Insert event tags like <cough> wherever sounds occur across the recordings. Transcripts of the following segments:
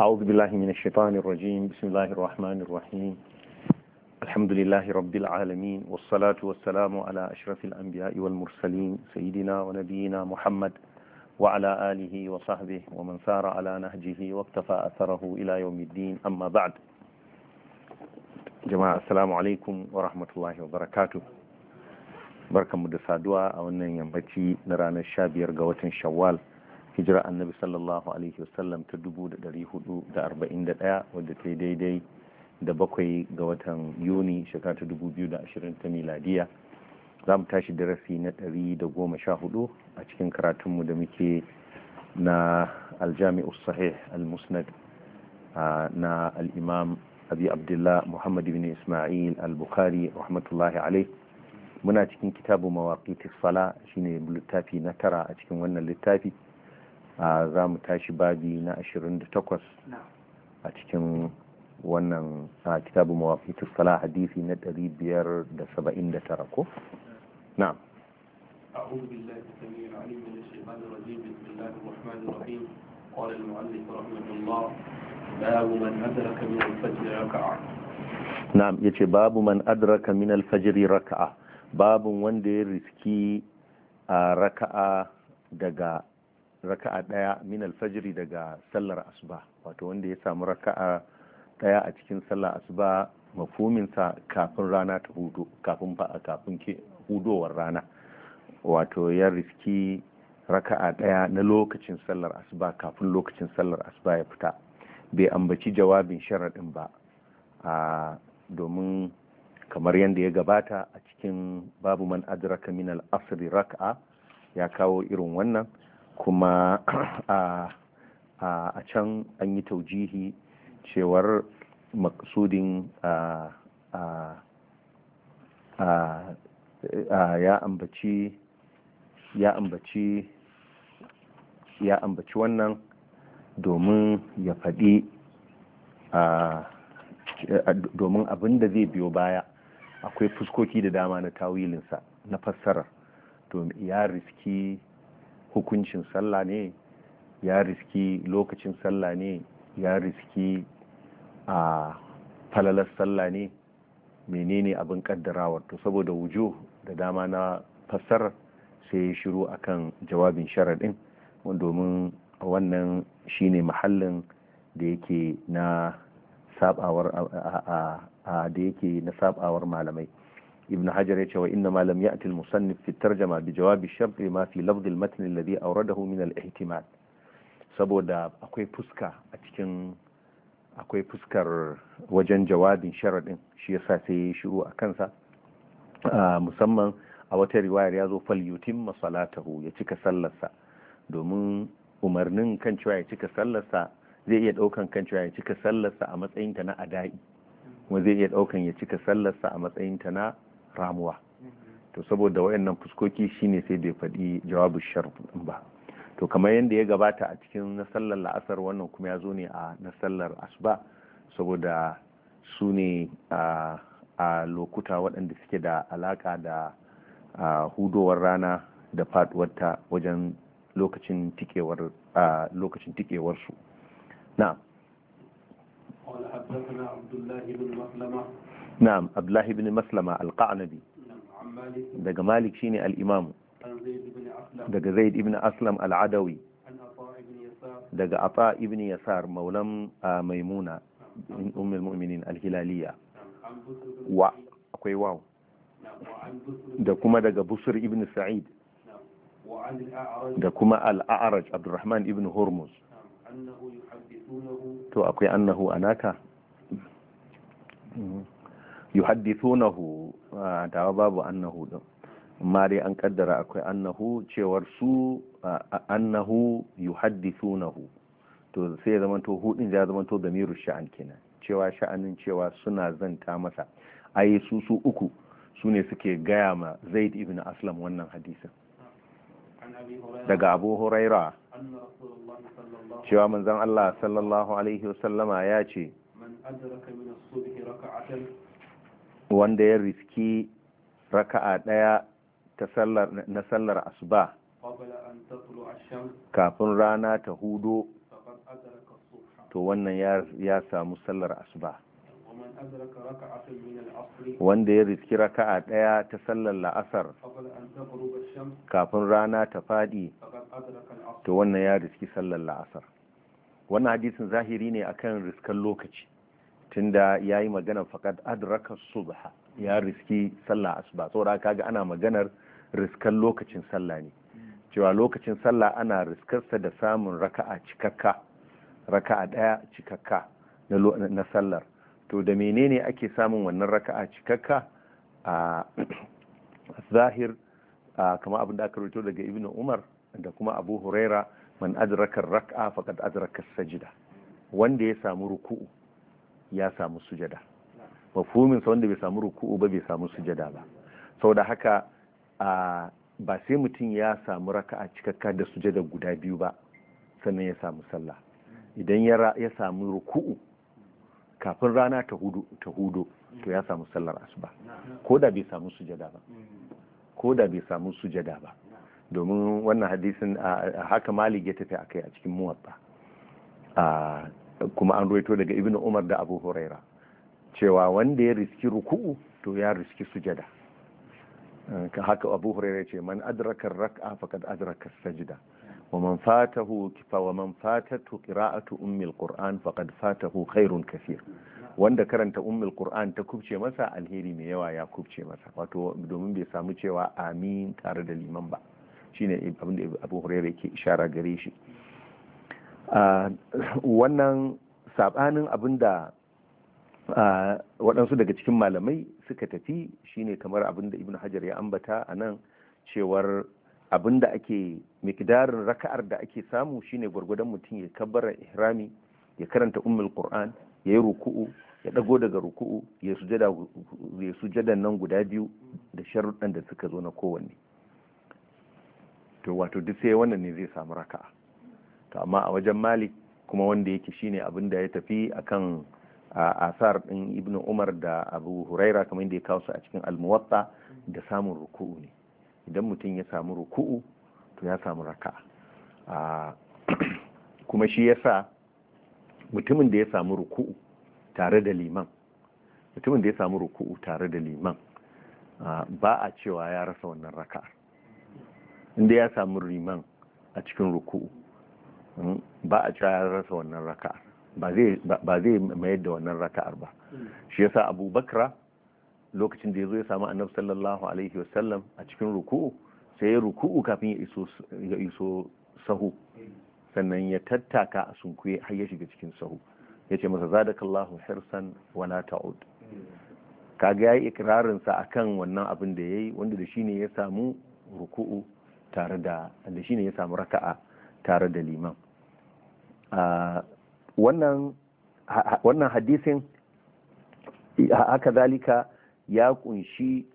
أعوذ بالله من الشيطان الرجيم بسم الله الرحمن الرحيم الحمد لله رب العالمين والصلاة والسلام على أشرف الأنبياء والمرسلين سيدنا ونبينا محمد وعلى آله وصحبه ومن سار على نهجه واقتفى أثره إلى يوم الدين أما بعد جماعة السلام عليكم ورحمة الله وبركاته بركة مدسادوا أو أن ينبتي نرانا الشابير قوة شوال hijira annabi sallallahu alaihi wasallam ta 441 wadda ta yi daidai da bakwai ga watan yuni shekara ta 2020 ta miladiya za mu tashi darasi na da goma sha 114 a cikin karatunmu da muke na aljami'u sahih al-musnad na al-imam abi abdullah muhammad bin isma'il al-bukhari rahmatullahi alaihi muna cikin kitabu mawaqitis sala shine littafi na tara a cikin wannan littafi za mu tashi babi na 28 a cikin wannan a kitabu mawafitu sala hadisi na 579 ko? na'am أعوذ بالله السميع العليم من الشيطان الرجيم بسم الله الرحمن الرحيم قال المؤلف رحمه الله باب من أدرك من الفجر ركعة نعم يتي باب من أدرك من الفجر ركعة باب ركعة raka'a daya min alfajiri daga sallar asuba wato wanda ya samu raka'a daya a cikin sallar asuba mafuminsa kafin rana ta hudu kafin kafin ke hudowar rana wato ya riski raka'a daya na lokacin sallar asuba kafin lokacin sallar asuba ya fita bai ambaci jawabin sharaɗin ba a domin kamar yadda ya gabata a cikin babu man adraka min al-asri raka'a ya kawo irin wannan kuma <clears throat> a can an yi taujihi cewar maksudin ya ambaci wannan domin ya faɗi domin abin da zai biyo baya akwai fuskoki da dama na tawilinsa na fassara. to ya riski hukuncin sallah ne ya riski lokacin sallah ne ya riski a falalar sallah ne menene abin kaddarawar to saboda wujo da dama na fassarar sai ya shiru akan jawabin sharaɗin domin wannan shine mahallin da da yake na sabawar malamai ibn hajar ya ce wa inna malam ya atil musannif fi tarjama bi jawabi sharti ma fi lafz al matn alladhi awradahu min al ihtimal saboda akwai fuska a cikin akwai fuskar wajen jawabin sharadin shi yasa sai ya shiru a kansa musamman a wata riwayar ya zo fal yutimma salatahu ya cika sallarsa domin umarnin kan cewa ya cika sallarsa zai iya daukan kan cewa ya cika sallarsa a matsayinta na ada'i kuma zai iya daukan ya cika sallarsa a matsayinta na ramuwa mm-hmm. to saboda wayannan fuskoki shine sai bai faɗi jawabu din ba to kamar yadda ya gabata a cikin na sallar la'asar wannan kuma ya zo ne a na sallar asuba saboda su ne a lokuta waɗanda suke da alaka da hudowar rana da faduwarta wajen lokacin tikewar lokacin tikewar su na na'am abdullahi ibn maslama alqanabi daga malik shine al-imam daga zaid ibn aslam al-adawi daga ata ibn yasar maulan maimuna min ummul mu'minin hilaliya wa akwai waw da kuma daga busur ibn sa'id da kuma al-a'raj abdurrahman ibn hormuz to akwai annahu anaka mm-hmm. yuhaddithunahu ah, tawa babu annahu din amma dai an kaddara akwai annahu cewar su ah, annahu yuhaddithunahu to sai ya zama to hudin ya zama to damiru sha'an kenan cewa sha'anin cewa suna zanta masa ai su su uku su ne suke gaya ma zaid ibn aslam wannan hadisin daga abu huraira cewa manzon allah sallallahu alaihi wasallama ya ce wanda ya riski raka'a ɗaya na sallar asuba kafin rana ta hudo to wannan ya samu sallar asuba wanda ya riski raka'a ɗaya ta sallar la'asar kafin rana ta faɗi to wannan ya riski sallar la'asar wannan hadisin zahiri ne akan riskan lokaci tunda ya yi maganar fakat adraka subha ya riski sallah asuba saboda kaga ana maganar riskan lokacin sallah ne cewa lokacin sallah ana riskarsa da samun raka'a cikakka raka'a daya cikakka na sallar to da menene ake samun wannan raka'a cikakka a <clears throat> zahir kama abin da aka rubuto daga ibnu umar da kuma abu huraira man adraka raka'a fakat adraka sajida wanda ya samu ruku'u ya samu sujada mafhumin sa wanda bai samu ruku'u ba bai samu sujada ba saboda haka a ba sai mutum ya samu raka'a cikakka da sujada guda biyu ba sannan ya samu sallah idan ya samu ruku'u kafin rana ta hudu to ya samu sallar asuba ko da bai samu sujada ba ko da bai samu sujada ba domin wannan hadisin haka malik ya tafi akai a cikin muwatta kuma an ruwaito daga ibn umar da abu huraira cewa wanda ya riski ruku'u to ya riski sujada ka eh, haka abu huraira ce man adraka rak'a faqad adraka sajda wa man fatahu kifa wa man fatatu qira'atu ummi alquran faqad fatahu khairun kaseer wanda karanta ummil qur'an ta kubce masa alheri mai yawa ya kubce masa wato domin bai samu cewa amin tare da liman ba shine abin da abu huraira yake ishara gare shi wannan sabanin abin da waɗansu daga cikin malamai suka tafi shine kamar abin da ibn hajar ya ambata a nan cewar abin da ake mikidarin raka'ar da ake samu shine gwargwadon mutum ya kabbara ihrami ya karanta ummul qur'an ya yi ruku'u ya ɗago daga ruku'u ya sujada nan guda biyu da sharuɗan da suka zo na kowanne to wato duk sai wannan ne zai samu raka'a to amma a wajen malik kuma wanda yake shine abin da ya tafi akan asar din ibnu umar da abu huraira kamar da ya kawo su a cikin almuwatta da samun ruku'u ne idan mutum ya samu ruku'u to ya samu raka <clears throat> kuma shi yasa mutumin da ya samu ruku'u tare da liman mutumin da ya samu ruku'u tare da liman ba a cewa ya rasa wannan raka. inda ya samu liman a cikin ruku'u Hmm? ba a cewa ya rasa wannan raka'ar ba zai mayar da wannan raka'ar ba hmm. shi yasa Abu Bakra lokacin da ya zo ya samu Annabi sallallahu alaihi wasallam a cikin ruku'u sai ya ruku'u kafin ya iso sahu sannan ya tattaka a sunkuye har ya shiga cikin sahu ya ce masa zadakallahu hirsan wala ta'ud hmm. kaga yayi ikrarin sa akan wannan abin da yayi wanda da shine ya samu ruku'u tare da da shine ya samu raka'a tare da liman wannan hadisin haka zalika ya kunshi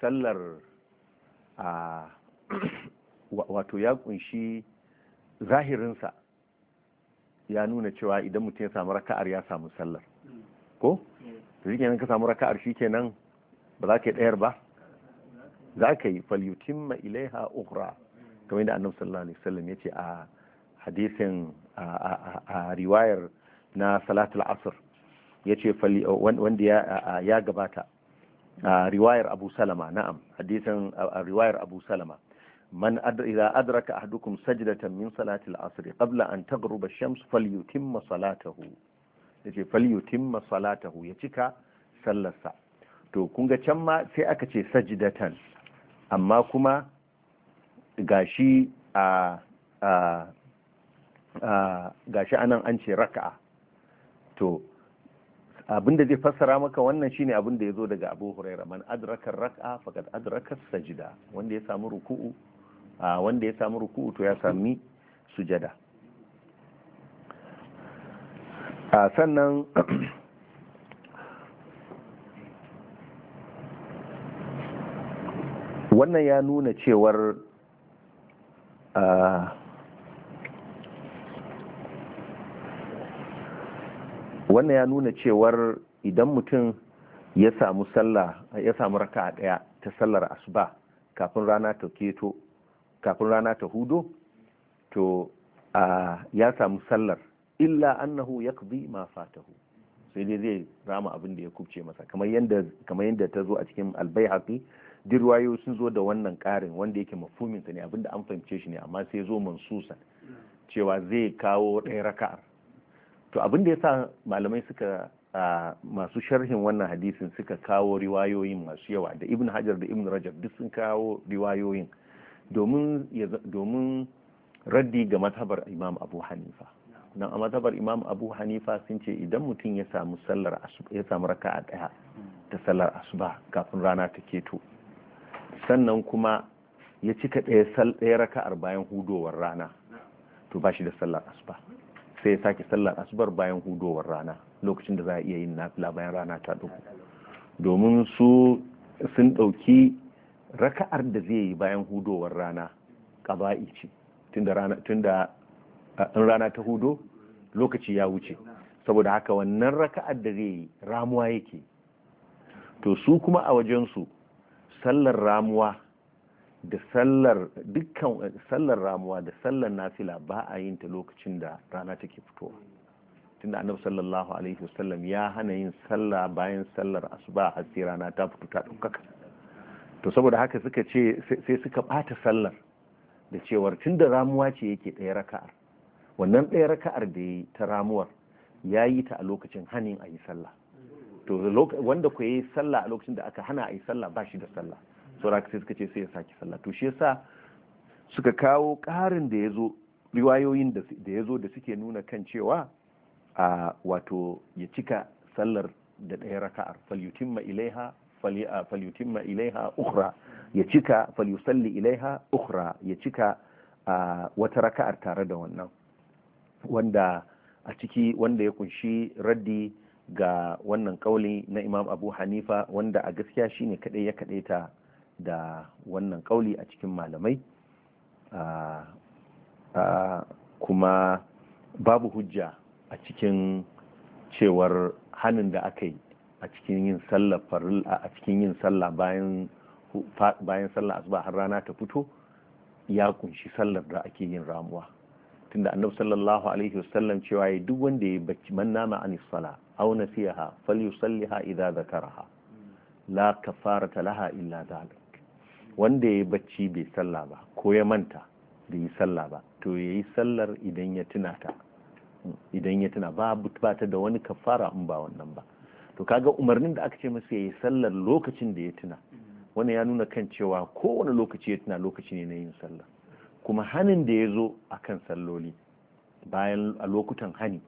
sallar wato ya kunshi zahirinsa ya nuna cewa idan mutum ya samu raka'ar ya samu sallar ko shi kenan ka samu raka'ar shi kenan ba za ka yi ɗayar ba za ka yi falyutimma ilaiha ukhra kamar yadda annabi sallallahu alaihi wasallam yace a hadisin a riwayar na salatul asr ya ce wanda ya gabata a riwayar abu salama na'am hadisin a riwayar abu salama man idza adraka ahdukum sajdatan min salatul asr qabla an taghruba ash-shams falyutimma salatahu yace falyutimma salatahu ya cika sallarsa to kun ga can ma sai aka ce sajdatan amma kuma gashi a gashi anan an ce raka'a to abinda zai fassara maka wannan shine abin da yazo daga Abu Huraira man adraka raka'a faqad adraka sajda wanda ya samu ruku'u wanda ya samu ruku'u to ya sami sujada sannan <clears throat> wannan ya nuna cewar wannan ya nuna cewar idan mutum ya samu sallah ya samu raka daya ta sallar asuba kafin rana ta keto kafin rana ta hudo to ya samu sallar illa annahu yaqdi ma fatahu sai dai zai rama abin da ya kubce masa kamar yadda ta zo a cikin albayhaqi duk ruwayo sun zo da wannan ƙarin wanda yake mafhumin ne abinda an fahimce shi ne amma sai zo mansusa cewa zai kawo ɗaya raka'ar to abin da sa malamai suka masu sharhin wannan hadisin suka kawo riwayoyin masu yawa da ibn hajar da ibn rajab duk sun kawo riwayoyin domin raddi ga matabar imam abu hanifa nan a matabar imam abu hanifa sun ce idan mutum ya samu sallar ya samu raka a ɗaya ta sallar asuba kafin rana ta keto sannan kuma ya cika ɗaya raka'ar bayan hudowar rana to ba shi da sallar asuba sai ya sake sallar asubar bayan hudowar rana lokacin da za a iya yin nafila bayan rana ta duhu domin su sun ɗauki raka'ar da zai yi bayan hudowar rana ƙaba'i ce tunda in rana ta hudo lokaci ya wuce saboda haka wannan raka'ar da zai yi ramuwa yake to su kuma a wajen su sallar ramuwa da sallar dukkan sallar ramuwa da sallar nafila ba a yin ta lokacin da rana take fitowa tunda annabi sallallahu alaihi wasallam ya hana yin salla bayan sallar asuba a sai rana ta fito ta ɗaukaka to saboda haka suka ce sai suka bata sallar da cewar tunda ramuwa ce yake ɗaya raka'ar wannan ɗaya raka'ar da yi ta ramuwar ya yi ta a lokacin hanin a yi sallah to wanda ku yi sallah a lokacin da aka hana a yi sallah ba shi da sallah sauraka sai suka ce sai ya sake sallah to shi yasa suka kawo ƙarin da ya zo riwayoyin da ya zo da suke nuna kan cewa a wato ya cika sallar da ɗaya raka'ar falyutimma ilaiha falyutimma ilaiha ukhra ya cika falyusalli ilaiha ukhra ya cika wata raka'ar tare da wannan wanda a ciki wanda ya kunshi raddi ga wannan kauli na imam abu hanifa wanda a gaskiya shine kadai ya kadaita da wannan kauli a cikin malamai kuma babu hujja a cikin cewar hannun da aka yi a cikin yin sallah faru a cikin yin sallah bayan bayan sallah asuba har rana ta fito ya kunshi sallar da ake yin ramuwa tunda annabi sallallahu alaihi wasallam cewa ya duk wanda ya bacci man nama anis sala aw nasiha falyusalliha idza zakaraha la kafarata laha illa zalik wanda ya yi bacci bai sallah ba ko ya manta bai yi sallah ba to ya yi sallar idan ya tuna ta idan ya tuna ba ba ta da wani kafara in ba wannan ba to kaga umarnin da aka ce masa ya yi sallar lokacin da ya tuna Wani ya nuna kan cewa kowane lokaci ya tuna lokaci ne na yin sallah kuma hanin da ya zo a kan salloli bayan a lokutan hani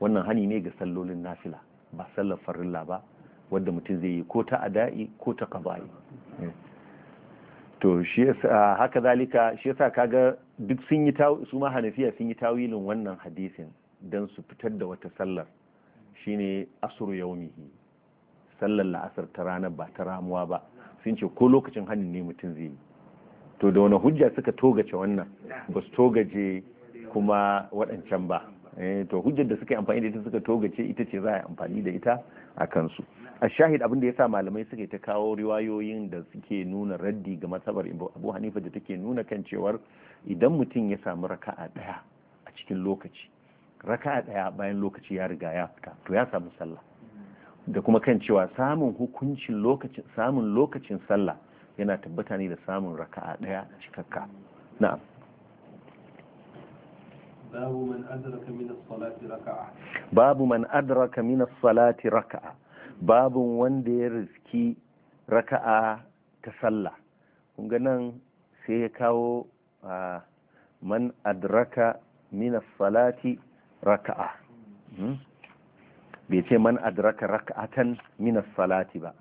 wannan hani ne ga sallolin nafila ba sallar farilla ba wadda mutum zai yi ko ta ada'i ko ta kaba'i to shi haka zalika shi yasa kaga duk sun yi ta su ma hanafiya sun yi tawilin wannan hadisin dan su fitar da wata sallar shine asr yaumihi sallar la'asar ta ranar ba ta ramuwa ba sun ce ko lokacin hannun ne mutum zai yi to da wani hujja suka togace wannan ba su togace kuma waɗancan ba Eh, to hujjar da suka yi amfani da ita suka togace ita ce za a yi amfani da ita a kansu a shahid abin da sa malamai suka ta kawo riwayoyin da suke nuna raddi ga matsabar abu hanifa da take nuna kan cewar idan mutum ya samu raka'a daya a cikin lokaci raka'a daya bayan lokaci ya riga ya fita to ya samu sallah da kuma kan cewa samun hukuncin lokacin samun lokacin sallah yana tabbata ne da samun raka'a daya cikakka na'am babu man adraka min salati raka'a babu man adraka min salati raka'a Babu wanda ya riski raka'a ta sallah kun ga nan sai ya kawo man adraka min salati raka'a bai ce man adraka raka'atan min salati ba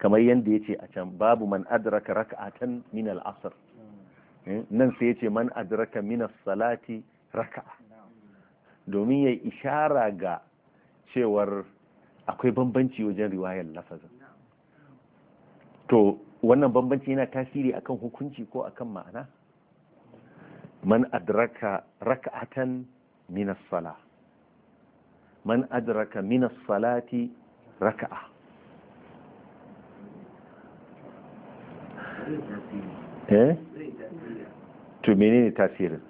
kamar yadda ya ce a can babu man adraka raka'atan min al-asr nan sai ya ce man adraka min salati rak'a domin ya ishara ga cewar akwai bambanci wajen riwayar lafazin to wannan bambanci yana tasiri akan hukunci ko akan ma'ana man adraka raka'atan min as-sala man adraka min as-salati raka'a eh to menene tasirin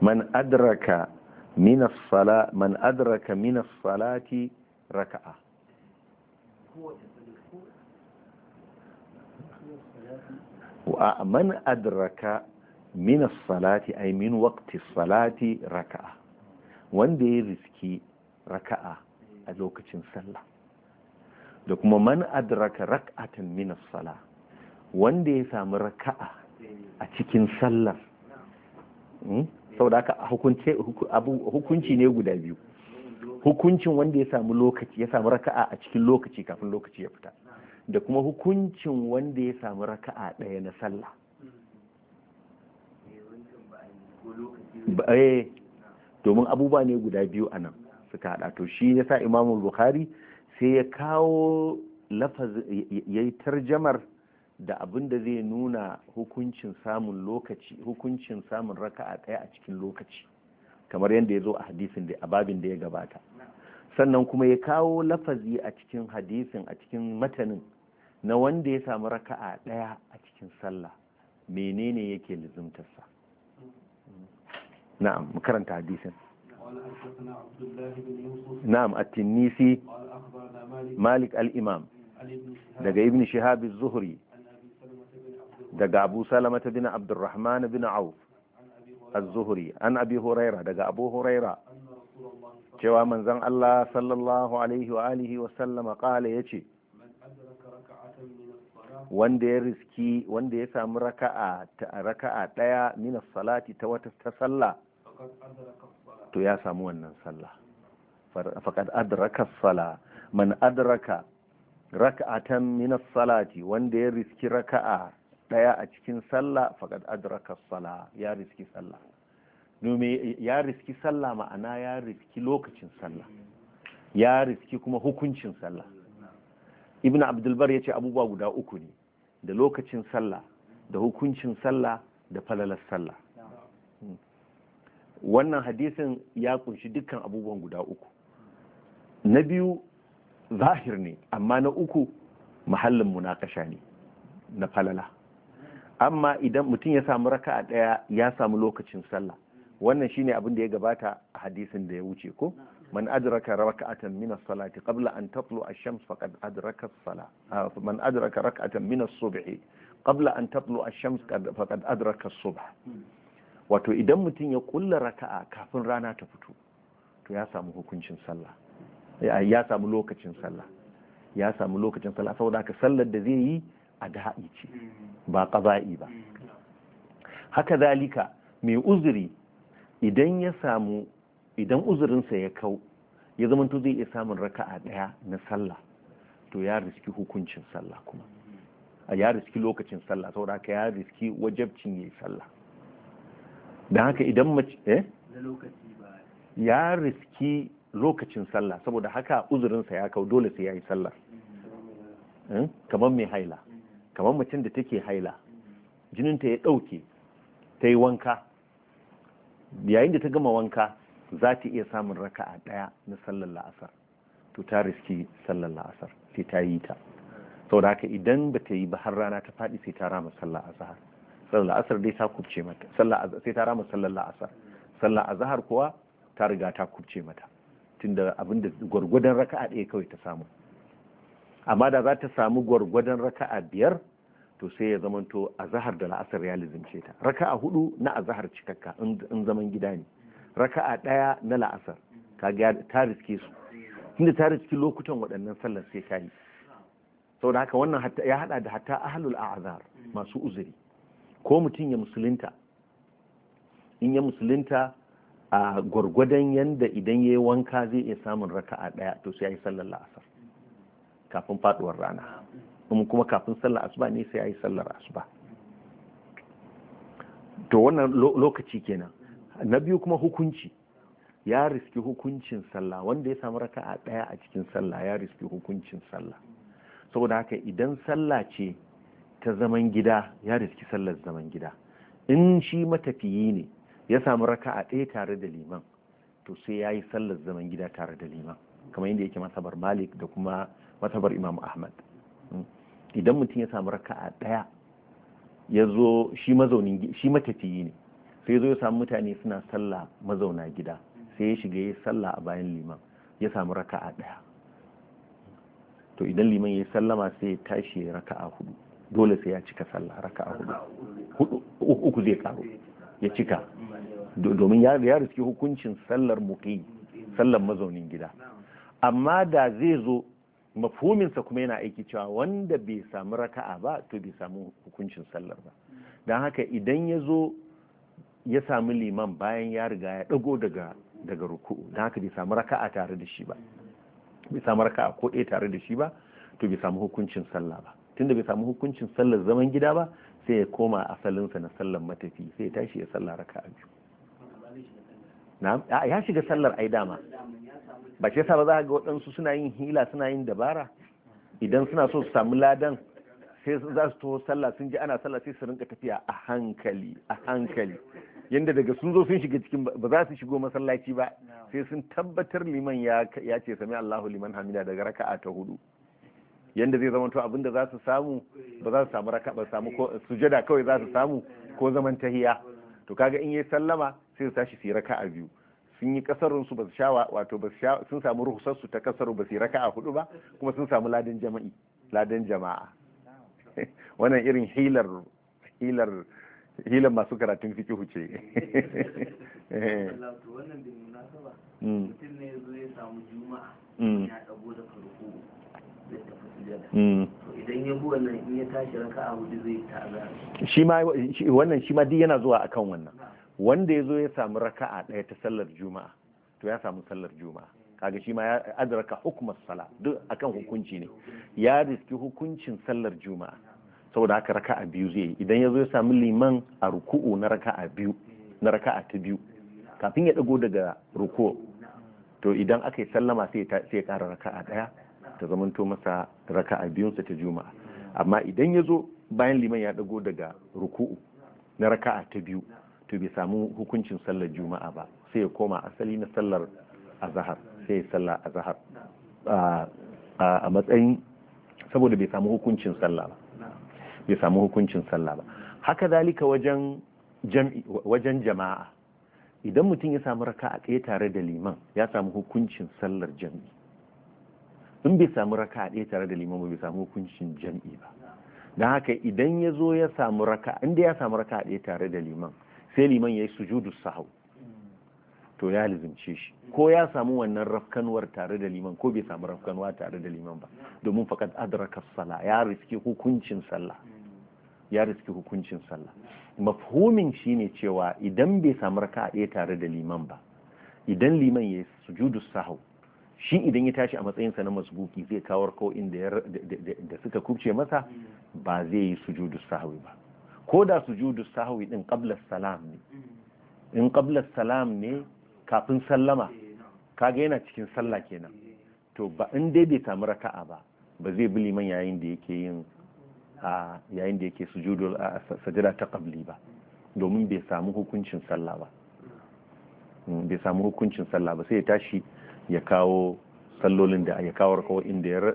man adraka min as-sala man adraka min as-salati raka'a man adraka min salati raka'a wanda ya riski raka'a lokacin sallah da kuma man rak'atan min sala wanda ya samu raka'a a cikin sallar hmm? saboda haka hukunci ne guda biyu hukuncin wanda ya samu lokaci ya samu raka'a a cikin lokaci kafin lokaci ya fita da kuma hukuncin wanda ya samu raka'a ɗaya na sallah eh, domin abubuwa ne guda biyu a nan suka haɗa to shi ya sa imamu bukhari sai ya kawo lafaz ya yi tarjamar da abin da zai nuna hukuncin samun lokaci hukuncin samun raka'a ɗaya a cikin lokaci kamar yadda ya zo a hadisin da ababin da ya gabata sannan kuma ya kawo lafazi a cikin hadisin a cikin matanin na wanda ya samu raka'a ɗaya a cikin sallah menene yake lizimtarsa na'am karanta hadisin na'am at malik al-imam daga ibn shihab az-zuhri daga abu Salama ta bin abdurrahman bin auf az-zuhri an abi huraira daga abu huraira cewa manzon Allah sallallahu alaihi wa alihi wa sallama qala yace wanda ya riski wanda ya samu raka'a ta raka'a daya min salati ta wata ta sallah to ya samu wannan sallah faqad adraka sala man adraka raka'atan min salati wanda ya riski raka'a ɗaya a cikin sallah faqad adraka sala ya riski sallah dume ya riski sallah ma'ana ya riski lokacin sallah ya riski kuma hukuncin sallah ibn abdulbar ya ce abubuwa guda uku ne da lokacin sallah da hukuncin sallah da falalar sallah hmm. wannan hadisin ya kunshi dukkan abubuwan guda uku na biyu zahir ne amma na uku mahallin munakasha ne na falala amma idan mutum ya samu a ɗaya, ya samu lokacin sallah wannan shine abin da ya gabata a hadisin da ya wuce ko man adraka raka'atan min as-salati qabla an tatlu ash-shams faqad adraka as-salah ah, man adraka raka'atan min as subh qabla an tatlu ash-shams faqad adraka as-subh wato idan mutum ya kulla raka'a kafin rana ta fito to ya samu hukuncin sallah ya samu lokacin sallah ya samu lokacin sallah saboda ka sallar da zai yi ada'i ce ba ƙaba'i ba haka zalika mai uzuri idan ya samu idan uzurinsa ya kau ya zama to zai iya samun raka'a ɗaya na sallah to ya riski hukuncin sallah kuma a ya riski lokacin sallah saboda haka ya riski wajabcin yayi sallah don haka idan mace eh ya riski lokacin sallah saboda haka uzurinsa ya kau dole sai ya yi sallah kamar mai haila kamar mutum da take haila jinin ta ya ɗauke ta yi wanka yayin da ta gama wanka za ta iya samun raka'a ɗaya na sallar la'asar to ta riski sallar la'asar sai ta yi ta sau da haka idan ba ta yi ba har rana ta faɗi sai ta rama sallar azahar sallar la'asar dai ta kubce mata sai ta rama sallar la'asar sallar azahar kuwa ta riga ta kubce mata tunda abinda gwargwadon raka'a ɗaya kawai ta samu amma da za ta samu gwargwadon raka'a biyar to sai ya zamanto a zahar da la'asar ya lizimce ta raka'a hudu na a zahar cikakka in zaman gida ne raka'a daya na la'asar ka ga ta riske su tunda ta riske lokutan waɗannan sallar sai ta yi saboda haka wannan ya hada da hatta ahlul a'zar masu uzuri ko mutum ya musulunta in ya musulunta a gwargwadon yanda idan ya yi wanka zai iya samun raka'a daya to sai ya yi sallar la'asar kafin faduwar rana in kuma kafin sallar asuba ne sai ayi sallar asuba to wannan lokaci kenan na biyu kuma hukunci ya riski hukuncin sallah wanda ya samu raka'a ɗaya a cikin sallah ya riski hukuncin sallah saboda haka idan sallah ce ta zaman gida ya riski sallar zaman gida in shi matafiyi ne ya samu raka'a ɗaya tare da liman to sai ya yi sallar zaman gida tare da liman kamar yadda yake masa bar malik da kuma matabar imam ahmad hmm. idan mutum ya samu raka'a daya ya zo shi mazaunin shi matafiyi ne sai zo ya samu mutane suna sallah mazauna gida sai ya shiga ya sallah a bayan liman ya samu raka'a daya to idan liman ya sallama sai ya tashi ya a hudu dole sai ya cika sallah raka'a hudu uku zai karu ya cika domin ya riski hukuncin sallar muqi sallar mazaunin gida amma da zai zo Mafuminsa kuma yana aiki cewa wanda bai samu raka'a ba to bai samu hukuncin sallar ba don haka idan ya zo ya samu liman bayan ya riga ya dago daga daga ruku'u don haka bai samu raka'a tare da shi ba bai samu raka'a ko ɗaya tare da shi ba to bai samu hukuncin sallah ba tunda bai samu hukuncin sallar zaman gida ba sai ya koma asalinsa na sallar matafi sai ya tashi ya sallah raka'a biyu na ya shiga sallar ai dama ba shi yasa ba za a ga waɗansu suna yin hila suna yin dabara idan suna so su samu ladan sai za su taho sallah sun ji ana sallah sai su rinka tafiya a hankali a hankali yanda daga sun zo sun shiga cikin ba za su shigo masallaci ba sai sun tabbatar liman ya ce sami Allahu liman hamida daga raka'a ta hudu yadda zai zama to abinda za su samu ba za su samu raka ba samu ko sujada kawai za su samu ko zaman tahiya to kaga in yayi sallama sai su tashi su yi raka'a biyu sun yi kasarun su ba su shawa wato ba sun samu ruhusar su ta kasaru ba su a hudu ba kuma sun samu ladan jama'i ladin jama'a <laughs> wannan irin hilar hilar hilar masu karatun fikihu ce <laughs> eh. wannan mm. mutum ne samu juma'a mm. ya da farko mm. idan ya wannan in ya tashi a hudu zai ta shi ma wannan shi ma duk yana zuwa akan wannan wanda ya zo ya samu raka'a ɗaya ta sallar juma'a to ya samu sallar juma'a kaga shi ma ya adraka hukumar sala duk akan hukunci ne ya riski hukuncin sallar juma'a saboda haka raka'a biyu zai yi idan ya zo ya samu liman a ruku'u na raka'a biyu na raka'a ta biyu kafin ya dago daga ruku to idan aka yi sallama sai ya kara raka'a ɗaya ta zamanto masa raka'a biyunsa ta juma'a amma idan ya zo bayan liman ya dago daga ruku'u na raka'a ta biyu to bai samu hukuncin sallar juma'a ba sai ya koma asali na sallar azahar sai ya sallar azahar a matsayin saboda bai samu hukuncin sallah ba bai samu hukuncin sallah ba haka zalika wajen jam'i wajen jama'a idan mutum ya samu raka a ɗaya tare da liman ya samu hukuncin sallar jam'i in bai samu raka a ɗaya tare da liman ba bai samu hukuncin jam'i ba don haka idan ya zo ya samu raka inda ya samu raka a ɗaya tare da liman sai liman ya yi sujudu sahau to ya lizimce shi ko ya samu wannan rafkanwar tare da liman ko bai samu rafkanuwa tare da liman ba domin fakat adraka sala ya riski hukuncin sallah ya riski hukuncin sallah mafhumin shine cewa idan bai samu raka ɗaya tare da liman ba idan liman ya yi sujudu sahau shi idan ya tashi a matsayinsa na masbuki zai kawar ko inda da suka kubce masa ba zai yi sujudu sahwi ba ko da sujudu sahwi din qablas salam ne in qabla salam ne kafin sallama kaga yana cikin sallah kenan to ba in dai bai samu raka'a ba ba zai bi liman yayin da yake yin a yayin da yake sujudu sajada ta qabli ba domin bai samu hukuncin salla ba hmm, bai samu hukuncin salla ba sai ya tashi ya kawo sallolin da ya kawo rakawo inda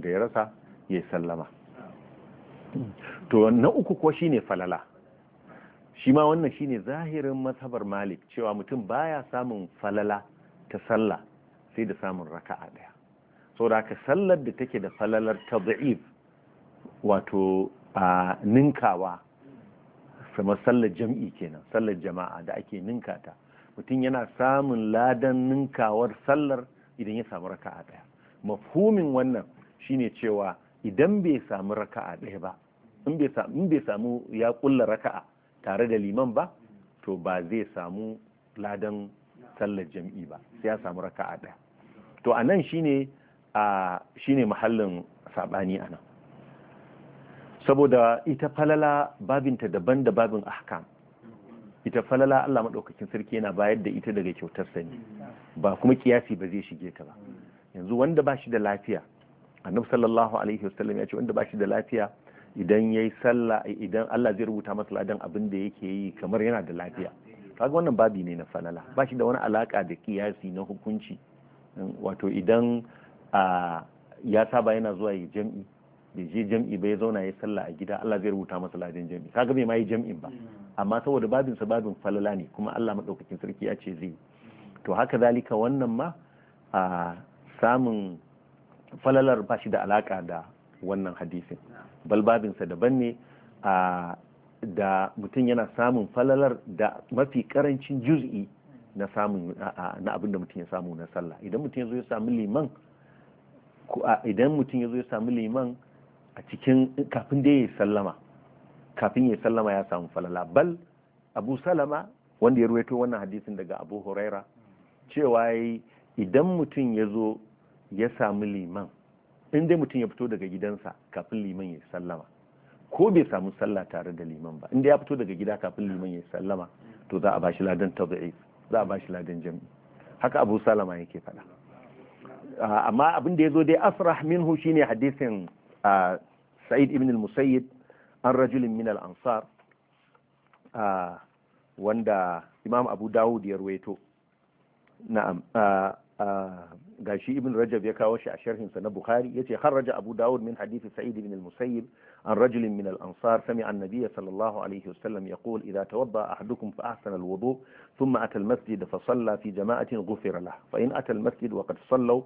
da ya rasa ya sallama to na uku kuwa shine falala shi ma wannan shine zahirin mazhabar malik cewa mutum baya samun falala ta sallah sai da samun raka'a daya saboda ka sallar da take da falalar ta da'if wato a ninkawa kamar sallar jam'i kenan sallar jama'a da ake ninka ta mutum yana samun ladan ninkawar sallar idan ya samu raka'a daya mafhumin wannan shine cewa idan bai samu raka'a daya ba in bai samu ya kulla raka'a tare da liman ba to ba zai samu ladan sallar jam'i ba sai ya samu raka'a ɗaya to a nan shine a shine mahallin saɓani a nan saboda ita falala babinta daban da babin ahkam ita falala Allah maɗaukakin sarki yana bayar da ita daga kyautar sani ba kuma kiyasi ba zai shige ta ba yanzu wanda ba shi da lafiya annabi sallallahu alaihi wasallam ya ce wanda ba shi da lafiya idan yayi sallah idan Allah zai rubuta masa ladan abin da yake yi kamar yana da lafiya kaga wannan babi ne na falala ba shi da wani alaka da kiyasi na hukunci mm, wato idan ya saba yana zuwa yi jam'i da je jam'i ba ya zauna ya salla a gida Allah zai rubuta masa ladan jam'i kaga bai ma yi jam'in ba amma saboda babinsa babin falala ne kuma Allah madaukakin sarki ya ce zai to haka zalika wannan ma a samun falalar ba shi da alaka da wannan hadisin bal babinsa daban ne a da mutum yana samun falalar da mafi karancin juz'i na samun na abin da mutum ya samu na sallah idan mutum ya zo ya samu liman idan mutum ya ya samu liman a cikin kafin da ya sallama kafin ya sallama ya samu falala bal abu salama wanda ya ruwaito wannan hadisin daga abu huraira hmm. cewa idan mutum ya zo ya samu liman in dai mutum ya fito daga gidansa kafin liman ya sallama ko bai samu sallah tare da liman ba Inda ya fito daga gida kafin liman ya sallama to za a bashi ladan tabi'i za a bashi ladan jami'i haka Abu Salama yake faɗa ah, amma abin da zo dai asrah minhu shine hadisin ah, Sa'id ibn al-Musayyib an rajulin min al-Ansar ah, wanda Imam Abu Dawud ya ruwaito na'am gashi ibn rajab ya kawo shi a sharhinsa na bukhari yace kharaja abu dawud min hadisi sa'id ibn al-musayyib an rajulin min al-ansar sami'a an-nabiy sallallahu alayhi wasallam yaqul idha tawadda ahadukum fa ahsana al-wudu thumma ata al-masjid fa salla fi jama'atin ghufira lah fa in ata al-masjid wa qad sallaw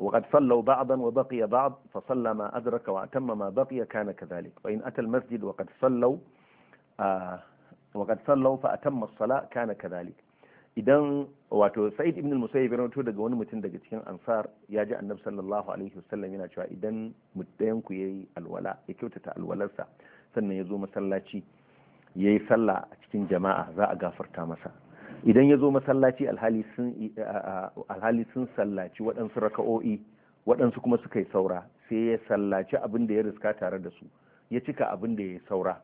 وقد صلوا بعضا وبقي بعض فصلى ما أدرك وأتم ما بقي كان كذلك وإن أتى المسجد وقد صلوا وقد صلوا فأتم الصلاة كان كذلك idan wato sa'id ibn musayyib rawato daga wani mutum daga cikin ansar ya ji annabi sallallahu alaihi wasallam yana cewa idan mutayen ku yayi alwala ya kyautata alwalarsa sannan ya zo masallaci yayi sallah a cikin jama'a za a gafarta masa idan ya zo masallaci alhali sun alhali sun sallaci waɗansu raka'o'i waɗansu kuma suka yi saura sai ya sallaci abin da ya riska tare da su ya cika abin da ya saura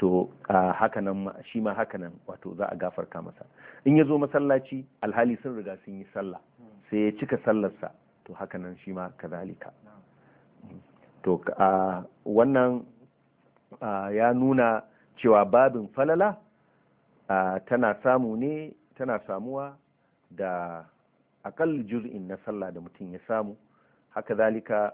to hakanan shi ma hakanan wato za a gafarta masa in ya zo masallaci alhali sun riga sun yi sallah sai ya cika sallarsa to hakanan shi ma kazalika to wannan ya nuna cewa babin falala tana samu ne tana samuwa da akal juz'in na sallah da mutum ya samu haka zalika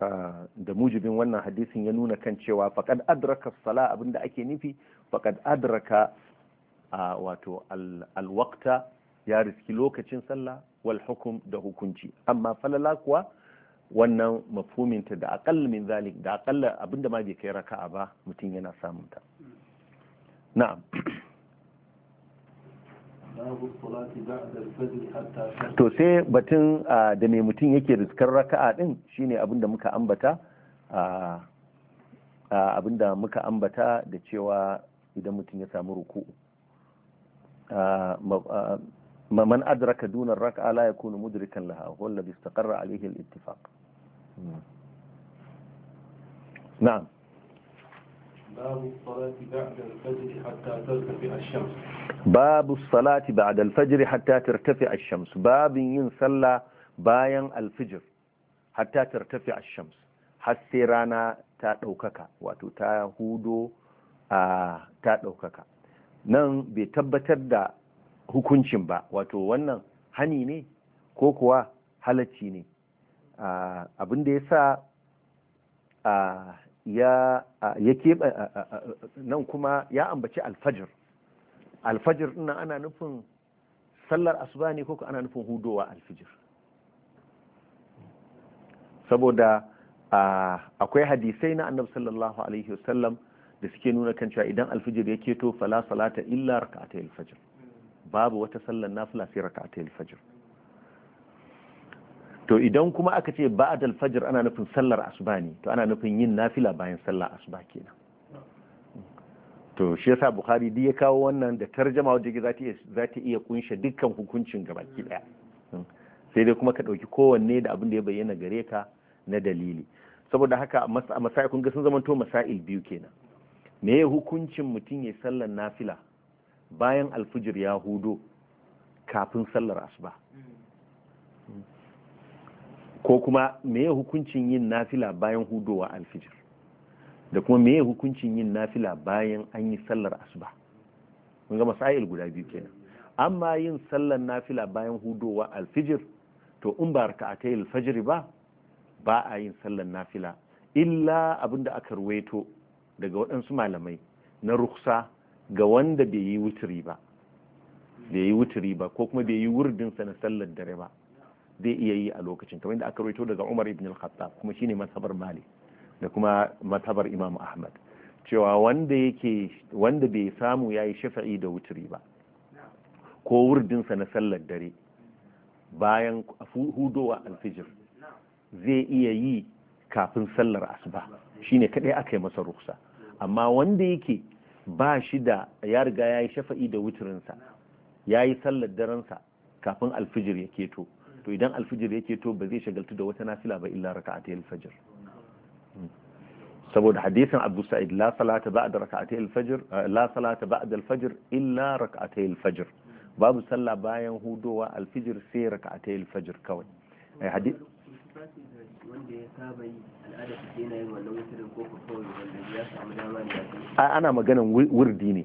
da mujibin wannan hadisin ya nuna kan cewa faqad adraka sala abinda ake nufi faqad adraka wato alwakta ya riski lokacin sallah wal hukum da hukunci amma falala kuwa wannan mafuminta da akalla min zalik da akalla abinda ma bai kai raka'a ba mutum yana samunta na'am to sai batun da mai mutum yake riskar raka'a din shine abin da muka ambata abin da muka ambata da cewa idan mutum ya samu ruku'u man adraka dunar raka'a la yakunu mudrikan laha wal ladhi istaqarra alayhi al-ittifaq hmm. na'am باب الصلاة بعد الفجر حتى ترتفع الشمس باب الصلاة بعد الفجر حتى ترتفع الشمس باب ينصلى bayan alfijir hatta tartafi shams har sai rana ta ɗaukaka wato ta hudo ta ɗaukaka nan bai tabbatar da hukuncin ba wato wannan hani ne ko kuwa halacci ne abin da ya sa ya ya keɓe nan kuma ya ambaci alfajir alfajir ina ana nufin sallar asuba ne ko ana nufin hudowa alfijir saboda akwai hadisai na annabi sallallahu alaihi wasallam da suke nuna kan cewa idan alfijir ya keto fala salata illa raka'atay alfajir babu wata sallar nafila sai raka'atay alfajir to idan kuma aka ce ba da dalfajar ana nufin sallar asuba ne to ana nufin yin nafila bayan sallar asuba kenan to shi yasa bukhari duk ya kawo wannan da tarjama wadda za za ta iya kunshe dukkan hukuncin gabaki daya sai dai kuma ka dauki kowanne da abin da ya bayyana gare ka na dalili saboda haka masai kun ga sun zamanto masail biyu kenan me ya hukuncin mutum ya sallar nafila bayan alfijir ya hudo kafin sallar asuba ko kuma meye hukuncin yin nafila bayan hudowa alfijir da kuma meye hukuncin yin nafila bayan an yi sallar asuba mun ga masail guda biyu kenan amma yin sallar nafila bayan hudowa alfijir to in ba raka'atai alfajr ba ba a yin sallar nafila illa abinda aka ruwaito daga waɗansu malamai na ruksa ga wanda bai yi wuturi ba bai yi wuturi ba ko kuma bai yi wurdinsa na sallar dare ba zai iya yi a lokacin kamar yadda aka rawaito daga Umar ibn al-Khattab kuma shine mazhabar Malik da kuma mazhabar Imam Ahmad cewa wanda yake wanda bai samu yayi shafa'i da wuturi ba ko wurdin sa na sallar dare bayan hudowa al-fijr zai iya yi kafin sallar asuba shine kadai aka masa ruksa amma wanda yake ba shi da ya riga yayi shafa'i da wuturinsa yayi sallar darensa kafin alfijir ya keto to idan alfijir ya ke to ba zai shagaltu da wata nafila ba illa raka'atayil fajr hmm. saboda hadisin Abu Sa'id la salata ba'da raka'atayil fajr eh, la salata a da fajr illa raka'atayil fajr babu sallah bayan hudowa alfijir sai raka'atayil fajr kawai ai eh, hadis ana maganan wurdi ne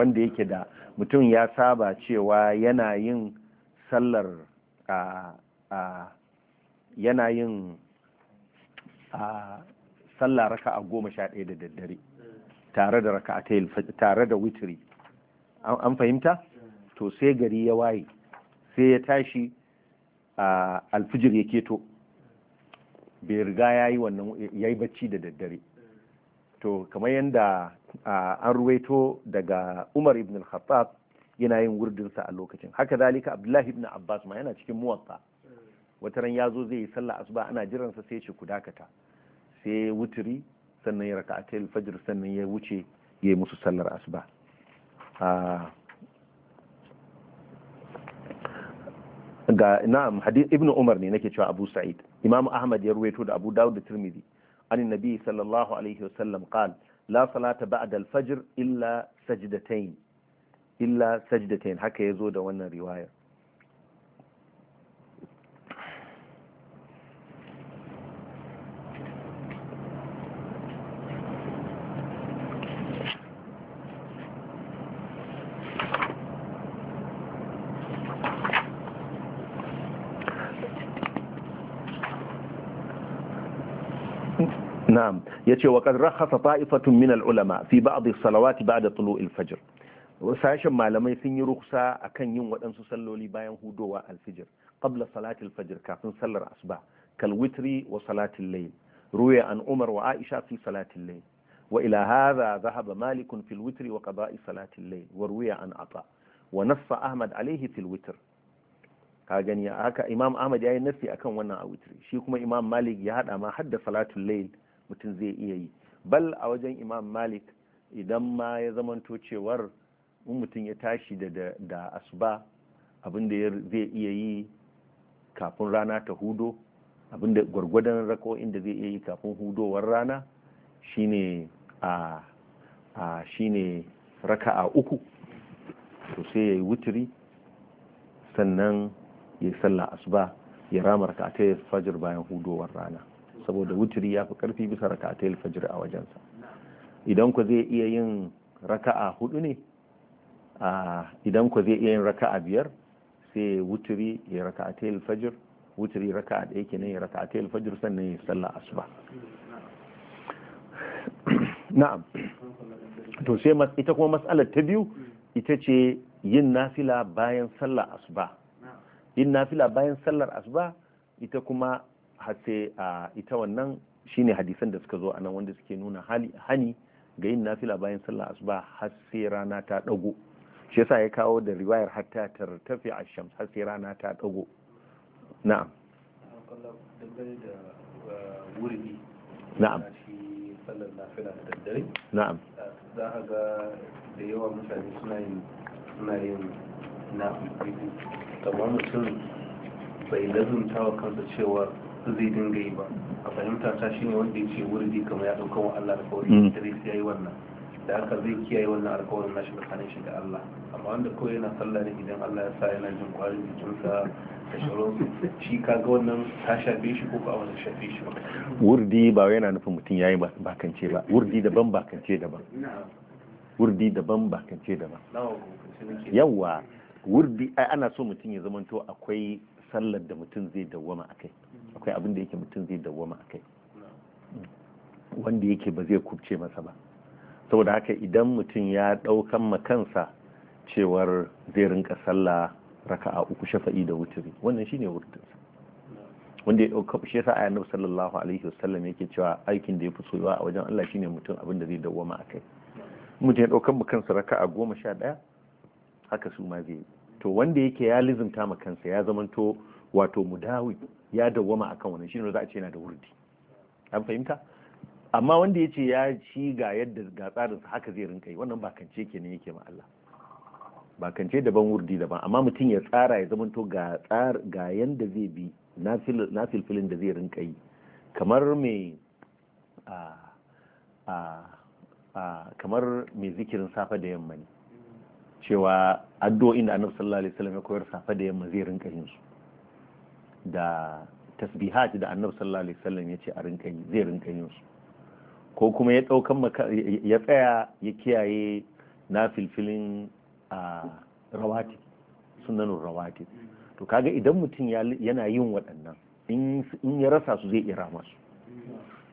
wanda yake da mutum ya saba cewa yana yin sallar yana yin sallah raka a goma sha ɗaya da daddare tare da raka a tare da witiri an fahimta to sai gari ya waye sai ya tashi alfijir ya keto bai riga ya yi wannan ya yi bacci da daddare to kamar yadda an ruwaito daga umar ibn al-khattab yana yin wurdinsa a lokacin haka zalika abdullahi ibn abbas ma yana cikin muwatta wata ran ya zo zai yi sallah asuba ana jiransa sai ce ku dakata sai ya wuturi sannan ya raka al fajr sannan ya wuce ya yi musu sallar asuba ah, ga na'am hadith ibn umar ne nake cewa abu sa'id imam ahmad ya ruwaito da abu dawud da tirmidhi an nabi sallallahu alaihi wasallam qala la salata ba'da al-fajr illa sajdatayn إلا سجدتين حكى يزود zo رواية نعم يتي وقد رخص طائفة من العلماء في بعض الصلوات بعد طلوع الفجر sashen malamai sun yi ruksa akan yin waɗansu salloli bayan hudowa alfijir qabla salatil fajr kafin sallar asuba kal witri wa salatil layl ruya an umar wa aisha fi salatil layl wa ila hadha dhahaba malik fil witri wa qada'i salatil layl wa ruya an ata wa nassa ahmad alayhi fil witr ka gani haka imam ahmad yayi nassi akan wannan a witri shi kuma imam malik ya hada ma hadda salatul layl mutum zai iya yi bal a wajen imam malik idan ma ya zamanto cewar in mutum ya tashi da asuba abin da zai iya yi kafin rana ta hudo da gwargwadon rako'in da zai iya yi kafin hudowar rana shine a a shine raka'a uku to sai ya yi wuturi sannan ya yi sallah asuba ya rama raka raka'atai fajar bayan hudowar rana saboda wuturi ya fi karfi bisa raka raka'atai fajar a wajensa idan ku zai iya yin raka'a hudu ne idan ku zai iya yin raka'a biyar sai wuturi ya raka a ta fajir wuturi raka da yake kenan ya a ta fajir sannan ya sallah asuba na'am to sai ita kuma matsalar ta biyu ita ce yin nafila bayan sallar asuba yin nafila bayan sallar asuba ita kuma hatta a ita wannan shine hadisan da suka zo anan wanda suke nuna hani ga yin nafila bayan sallar asuba har sai rana ta dago shi yasa ya kawo da riwayar hatta ta tafi a shams har sai rana ta dago na'am na'am na'am za a ga da yawa mutane suna yin suna yin na eh, kamar mutum bai lazumta wa kansa cewa zai dinga yi ba a fahimta ta shine wanda ya ce wurdi kamar ya ɗaukan wa Allah da kawai mm. ya yi wannan da aka zai kiyaye wannan alkawarin nashi tsakanin shi da Allah amma wanda kawai yana sallah ne idan Allah ya sa yana jin kwarin jikinsa da shirin shi kaga wannan ta shafe shi ko ba wani shafe shi ba wurdi ba yana nufin mutum yayi bakance ba wurdi daban bakance daban wurdi daban bakance daban yawa wurdi ana so mutum ya zamanto akwai sallar da mutum zai dawwama akai akwai abin da yake mutum zai dawwama akai wanda yake ba zai kubce masa ba saboda haka idan mutum ya ɗaukan makansa cewar zai rinka sallah raka'a uku shafa'i da wuturi wannan shine wurtinsa wanda ya ɗauka shi yasa ayyana sallallahu alaihi wasallam yake cewa aikin da ya fi soyuwa a wajen Allah shine mutum abin da zai dawwama a kai mutum ya ɗaukan makansa raka'a goma sha ɗaya haka su ma zai yi to wanda yake ya lizimta ma kansa ya zamanto wato mudawi ya dawwama akan wannan shine za a ce yana da wurdi an fahimta amma wanda ya ce ya ci ga yadda ga tsarinsa haka zai rinka yi wannan ba kance ne yake ma Allah ba kance daban wurdi daban amma mutum ya tsara ya zama to ga tsar ga yanda zai bi na filfilin da zai rinka yi kamar mai a a a kamar me zikirin safa da yamma ne cewa addu'o'in da annabi sallallahu alaihi wasallam ya koyar safa da yamma zai rinka yin su da tasbihat da annabi sallallahu alaihi wasallam ya ce a rinka yi zai rinka yin su ko kuma ya ɗaukan ya tsaya ya kiyaye na filfilin a rawati sunanin rawati to kaga idan mutum yana yin waɗannan in ya rasa su zai iya rama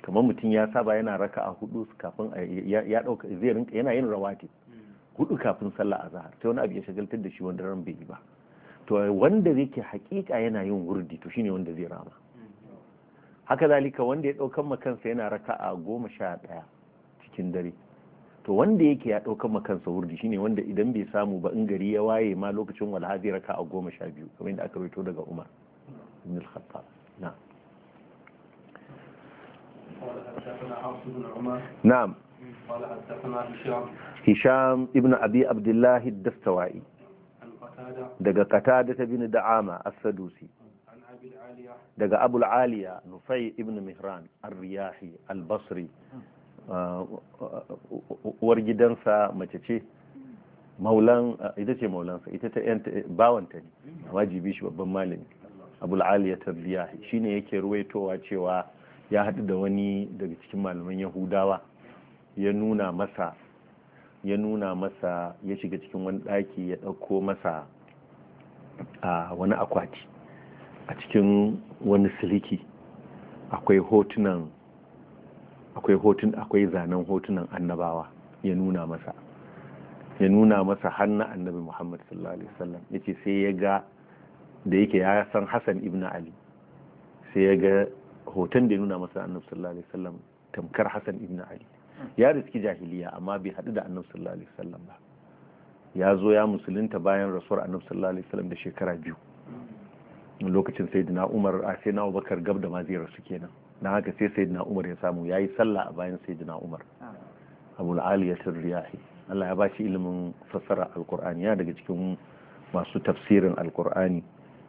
kamar mutum ya saba yana raka a hudu kafin ya ɗauka zai rinka yana yin rawati hudu kafin sallah azhar sai wani abu ya shagaltar da shi wanda ran bai yi ba to wanda yake hakika yana yin wurdi to shine wanda zai rama haka zalika wanda ya ɗaukan makansa yana raka a goma sha ɗaya cikin dare to wanda yake ya ɗaukan makansa wurdi shine wanda idan bai samu ba in gari ya waye ma lokacin walha zai a goma sha biyu kamar yadda aka rito daga umar ibn al-khattab na na'am هشام ابن أبي عبد الله الدستوائي دقى قتادة بن دعامة السدوسي daga abul aliya nufai ibn mihran al riyahi al-basri uh, uwar gidansa mace ce maulan uh, ita ce maulansa ita ta bawanta ne wajibi shi babban malami abul aliya tarbiyahi shine yake ruwaitowa cewa ya haɗu da wani daga cikin malaman yahudawa ya nuna masa ya nuna masa ya shiga cikin wani ɗaki ya ɗauko masa a uh, wani akwati a cikin wani siliki akwai hotunan akwai hotun akwai zanen hotunan annabawa ya nuna masa ya nuna masa hannu annabi muhammad sallallahu alaihi wasallam ya ce sai ya ga da yake ya san hassan ibn ali sai ya ga hoton da ya nuna masa annabi sallallahu alaihi wasallam tamkar hassan ibn ali ya riski jahiliya amma bai haɗu da annabi sallallahu alaihi wasallam ba ya zo ya musulunta bayan rasuwar annabi sallallahu alaihi wasallam da shekara biyu lokacin sayyidina umar a sai na abubakar gab da maziyar su kenan na haka sai sayyidina umar ya samu ya yi sallah a bayan sayyidina umar abu al'aliyatun riyahi allah ya ba shi ilimin fassara alkur'ani ya daga cikin masu tafsirin alkur'ani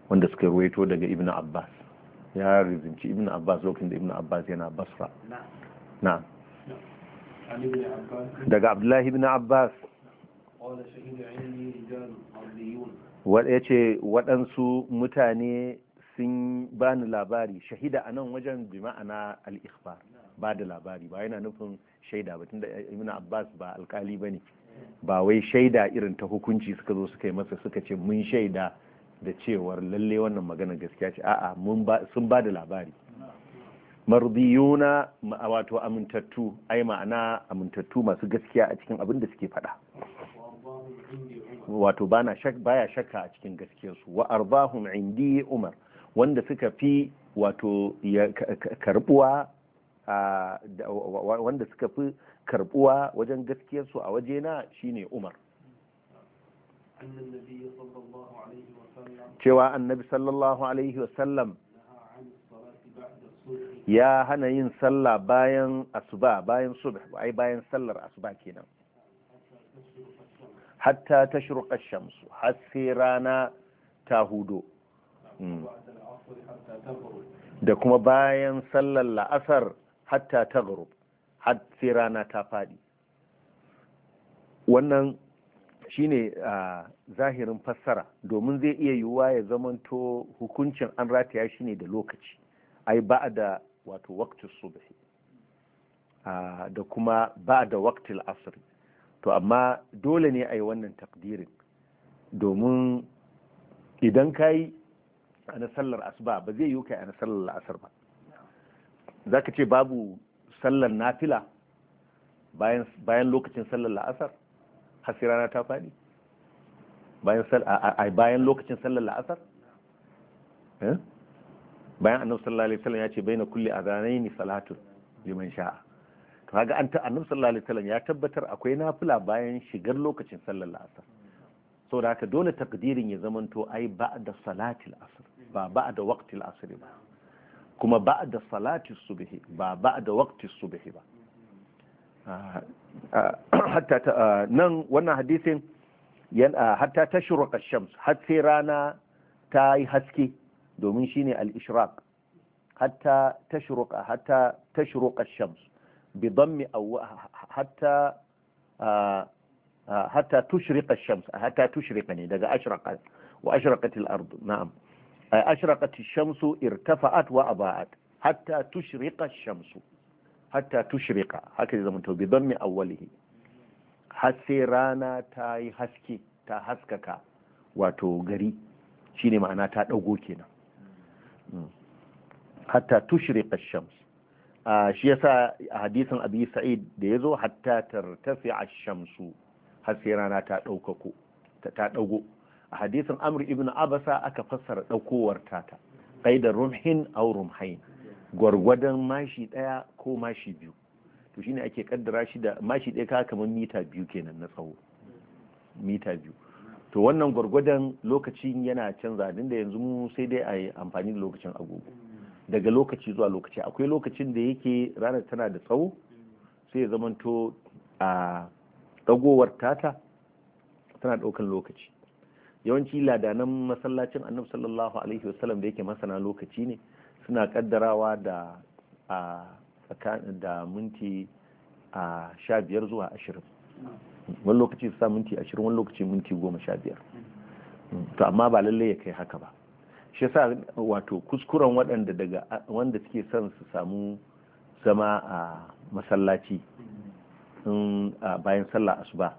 wanda suka ruwaito daga ibn abbas ya rizinci ibn abbas lokacin da ibn abbas yana basra na daga abdullahi ibn abbas ya ce waɗansu mutane sun bani labari shahida a nan wajen bi ma'ana al ba da labari ba yana nufin shaida ba da ibn abbas ba alkali ba ne ba wai shaida irin ta hukunci suka zo suka yi masa suka ce mun shaida da cewar lalle wannan magana gaskiya ce a'a mun ba sun ba da labari mardiyuna wato amintattu ai ma'ana amintattu masu gaskiya a cikin abin da suke faɗa wato bana shak baya shakka a cikin gaskiyar su wa arbahum indi umar wanda suka fi wato karbuwa wanda suka fi karbuwa wajen gaskiyar su a wajena shine umar cewa annabi sallallahu alaihi wasallam ya hana yin sallah bayan asuba bayan subh ai bayan sallar asuba kenan hatta ta shirka shamsu har sai rana ta hudu. Hmm. da kuma bayan sallar la'asar hatta ta gurub har sai rana ta faɗi wannan shine a zahirin fassara domin zai iya yiwuwa ya zamanto hukuncin an rataya shi ne da lokaci ai ba da wato waktu subhi da kuma ba da waktil asiri to amma dole ne a yi wannan takdirin domin idan ka yi a na sallar asuba ba zai yi kai a na sallar la'asar ba za ka ce babu sallar nafila bayan lokacin sallar la'asar Hasi rana ta faɗi bayan lokacin sallar la'asar eh? bayan annabi sallallahu alaihi wasallam ya ce bai na kulle a ranar ni salatun liman sha'a kaga an ta annabi sallallahu alaihi wasallam ya tabbatar akwai nafila bayan shigar lokacin sallar asar saboda haka dole takdirin ya zamanto ai ba'da salatil asr ba ba'da waqtil asr ba kuma ba'da salati subhi ba ba'da waqtil subhi ba ah, ah, hatta ah, nan wannan hadisin yana hatta ash shams har sai rana ta yi haske domin shine al-ishraq hatta tashruq hatta ash shams بضم أو حتى آه، آه، حتى تشرق الشمس حتى تشرقني إذا أشرقت وأشرقت الأرض نعم آه، أشرقت الشمس ارتفعت وأضاءت حتى تشرق الشمس حتى تشرق هكذا زمن تو بضم أوله حسيرانا تاي حسكي تا حسكك واتو غري شيني معناتها تا حتى تشرق الشمس shi yasa a hadisin abi sa'id da yazo hatta tartafi ash-shamsu har sai rana ta daukako ta dago a hadisin amr ibn abasa aka fassara daukowar tata qaidar rumhin aw rumhain gwargwadon mashi daya ko mashi biyu to shine ake kaddara shi da mashi daya ka kamar mita biyu kenan na tsawo mita biyu to wannan gwargwadon lokacin yana canza din da yanzu mu sai dai a yi amfani da lokacin agogo daga lokaci zuwa lokaci akwai lokacin da yake ranar tana da tsawo sai ya zamanto a ɗagowar tata tana ɗaukan lokaci yawanci ladanan masallacin annabi sallallahu alaihi wasallam da yake masana lokaci ne suna kaddarawa da a tsakanin da minti a sha biyar zuwa ashirin wani lokaci su sa minti ashirin wani lokaci minti goma sha biyar hmm, to amma ba lallai ya kai haka ba shi yasa wato kuskuren waɗanda daga wanda suke son su samu zama a masallaci bayan sallah asuba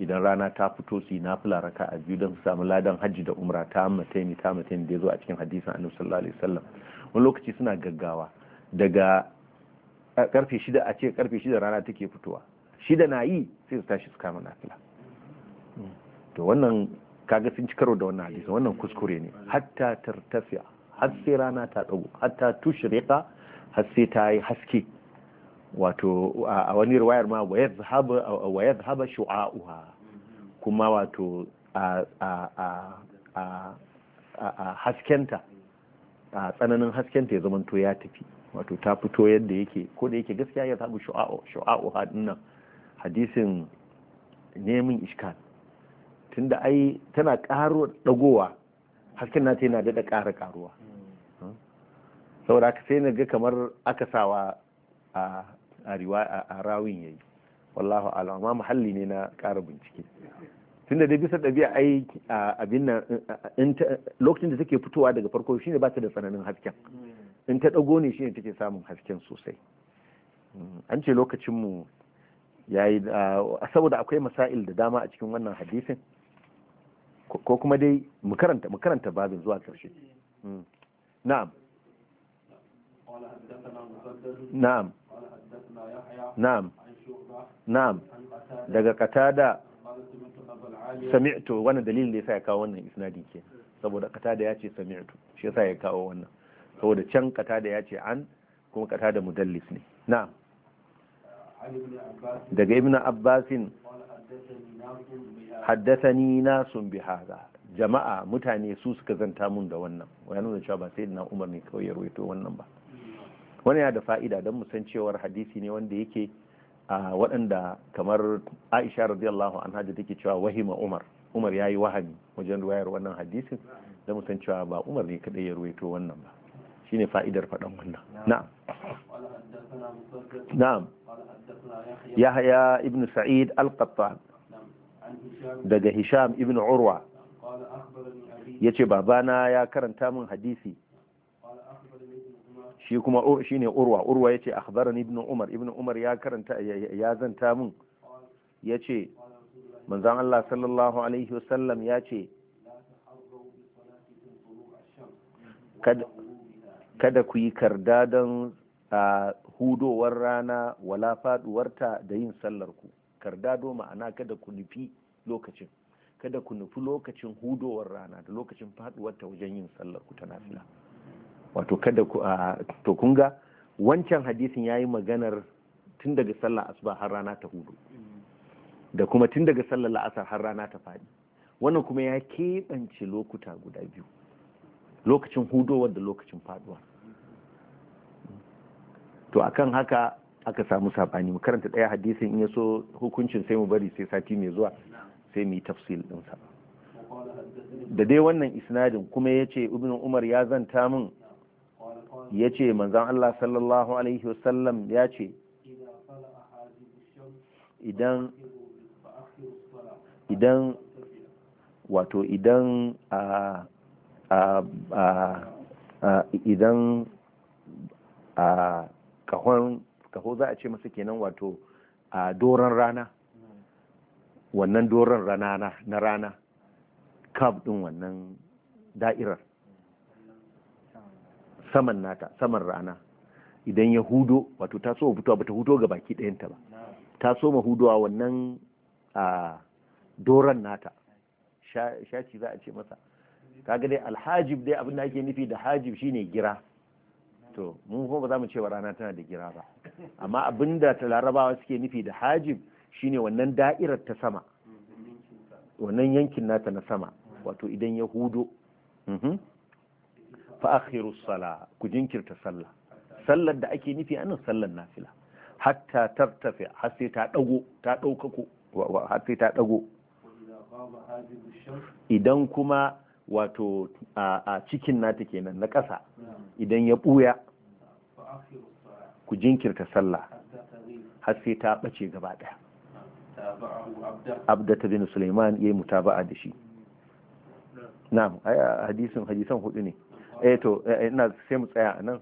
idan rana ta fito su yi nafila raka a biyu don su samu ladan hajji da umra ta mataini ta mataini da ya zo a cikin hadisan annabi sallallahu alaihi wasallam wani lokaci suna gaggawa daga karfe shida a ce karfe shida rana take fitowa shida na yi sai su tashi su kama nafila hmm. to wannan kaga sun ci karo da wannan hadisin wannan kuskure ne hatta tartafiya har sai rana ta dago hatta tushriqa har sai ta yi haske wato a wani riwayar ma wa yadhhabu shu'a'uha kuma wato a haskenta a tsananin haskenta ya zamanto ya tafi wato ta fito yadda yake ko da yake gaskiya ya zaɓi shu'a'uha dinnan hadisin neman iskal Tun da ai tana karo dagowa hasken nata yana daɗa ƙara ƙaruwa saboda aka sai na ga kamar aka sawa a a rawin yayi wallahu ala amma muhalli ne na ƙara bincike Tun da dai bisa ɗabi'a ai abin nan lokacin da take fitowa daga farko shine ba ta da tsananin hasken in ta ɗago ne shine take samun hasken sosai an ce lokacin mu yayi saboda akwai masail da dama a cikin wannan hadisin ko kuma dai mu karanta babin zuwa ƙarshe hmm. na'am na'am na'am na'am daga katada sami'tu wannan dalilin da sa ya kawo wannan isnadin ke saboda katada ya ce sami'tu shi sa ya kawo wannan saboda can katada ya ce an kuma katada mudallis ne na'am daga ibn abbasin haddathani nasun bi haza. jama'a mutane su suka zanta mun da wannan ya nuna cewa ba sai na umar ne kawai ya rawaito wannan ba Wani ya da fa'ida don musan cewar hadisi ne wanda yake a waɗanda kamar aisha radiyallahu anha da take cewa wahima umar umar ya yi wahami wajen ruwayar wannan hadisin don musan cewa ba umar ne kadai ya rawaito wannan ba shine fa'idar faɗan wannan na'am na'am yahya ibn sa'id al-qattan daga hisham ibn urwa yace babana ya karanta min hadisi shi kuma shine urwa urwa yace akhbarani ibn umar ibn umar ya karanta ya zanta min yace manzon Allah sallallahu alaihi wasallam yace kada ku yi karda don hudowar rana wala faduwarta da yin sallar ku kardado ma'ana kada ku nufi lokacin kada ku nufi lokacin hudowar rana da lokacin faduwarta wajen yin sallar ku ta nafila wato kada ku to kun ga wancan hadisin yayi maganar tun daga sallar asuba har rana ta hudu da kuma tun daga sallar la'asar har rana ta faɗi wannan kuma ya keɓance lokuta guda biyu lokacin hudowar da lokacin faduwar to akan haka aka samu sabani mu karanta ɗaya hadisin in ya so hukuncin sai mu bari sai sati mai zuwa sai mu yi tafsil ɗinsa da dai wannan isnadin kuma yace ce ibn umar ya zanta min yace ce allah sallallahu alaihi wasallam ya ce idan idan wato idan a a a idan a kahon kaho za a ce masa kenan wato a doron rana wannan doron rana na rana kaf din wannan da'irar saman nata saman rana idan ya hudo wato ta soma fitowa bata hudo ga baki ɗayanta ba ta soma hudowa wannan a doron nata shaci za a ce masa kaga dai alhajib dai abin da ake nufi da hajib shine gira to mun kuma ba za mu ce wa rana tana da gira ba amma abinda ta larabawa suke nufi da hajib shine wannan da'irar ta sama wannan yankin nata na sama wato idan ya hudo mhm. fa akhiru sala ku jinkirta sallah sallar da ake nufi anan sallar nafila hatta tartafi har sai ta dago ta daukako har sai ta dago idan kuma wato a cikin nata kenan na ƙasa idan ya ɓuya ku jinkirta sallah har sai ta ɓace gaba ɗaya abdata bin suleiman ya yi mutaba'a da shi na'am hadisin hadisan hudu ne eh to eh, eh, ina sai mu tsaya a nan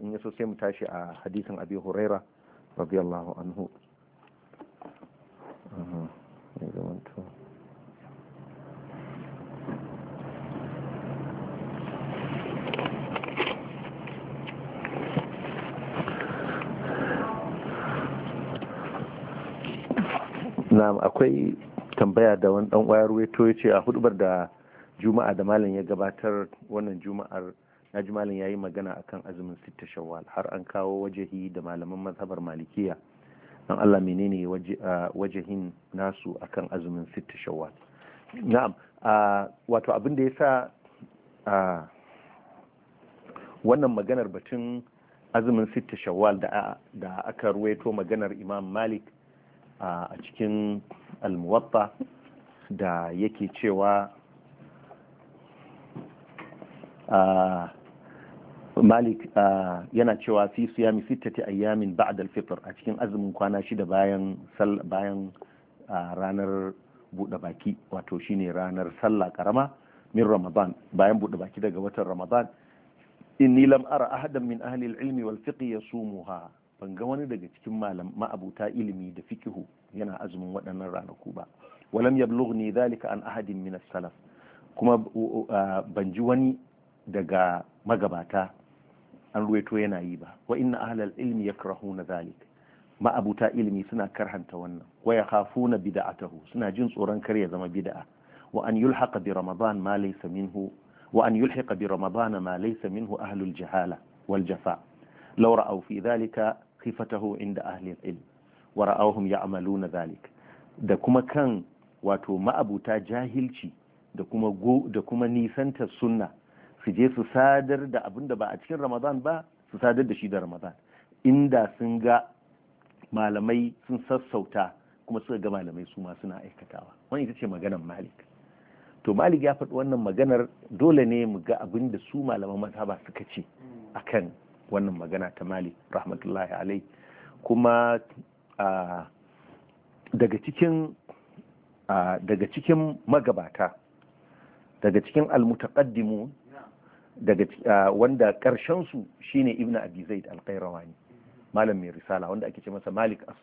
in yaso sai mu tashi a hadisin abi huraira radiyallahu anhu na akwai tambaya da wani dan wayar weto ya ce a hudubar da juma'a da malam ya gabatar wannan juma'ar na ji malam ya yi magana akan azumin sitta shawwal har an kawo wajahi da malaman mazhabar malikiya don allah menene wajahin nasu akan azumin sitta shawwal na'am wato abin da ya sa wannan maganar batun azumin sitta shawwal da aka ruwaito maganar imam malik a cikin almuwatta da yake cewa malik yana cewa fi su siyami sittati ayyamin ba'da al-fitr a cikin azumin kwana shida bayan bayan ranar buɗe baki wato shine ranar sallah karama min ramadan bayan buɗe baki daga watan ramadan inni lam ara ahadan min ahli ilmi wal fiqh yasumuha ban ga wani daga cikin ma'abuta ilimi da fikihu yana azumin waɗannan ranaku ba walam yablughni dalika an ahadin min salaf kuma uh, ban ji wani daga magabata an ruwaito yana yi ba wa inna ahlal ilmi yakrahuna zalika ma'abuta ilimi suna karhanta wannan wa yakhafuna bid'atahu suna jin tsoron kar ya zama bid'a wa an yulhaqa bi ramadan ma laysa minhu wa an yulhaqa bi ramadan ma laysa minhu ahlul jahala wal jafa law ra'aw fi dhalika sifatahu inda ahalin ilm wa ra'awhum ya'maluna zalik da kuma kan wato ma'abuta jahilci da kuma nisanta sunna su je su sadar da abin da ba a cikin ramadan ba su sadar da shi da ramadan inda sun ga malamai sun sassauta kuma suka ga malamai su ma suna aikatawa wani ita ce maganar malik to malik ya faɗi wannan maganar dole ne mu ga abin da su malaman mazhaba suka ce akan wannan magana ta malik rahmatullahi alai kuma daga cikin magabata daga cikin almutaqaddimun wanda karshen su shine Ibn abi zaid al malam mai risala wanda ake ce masa malik as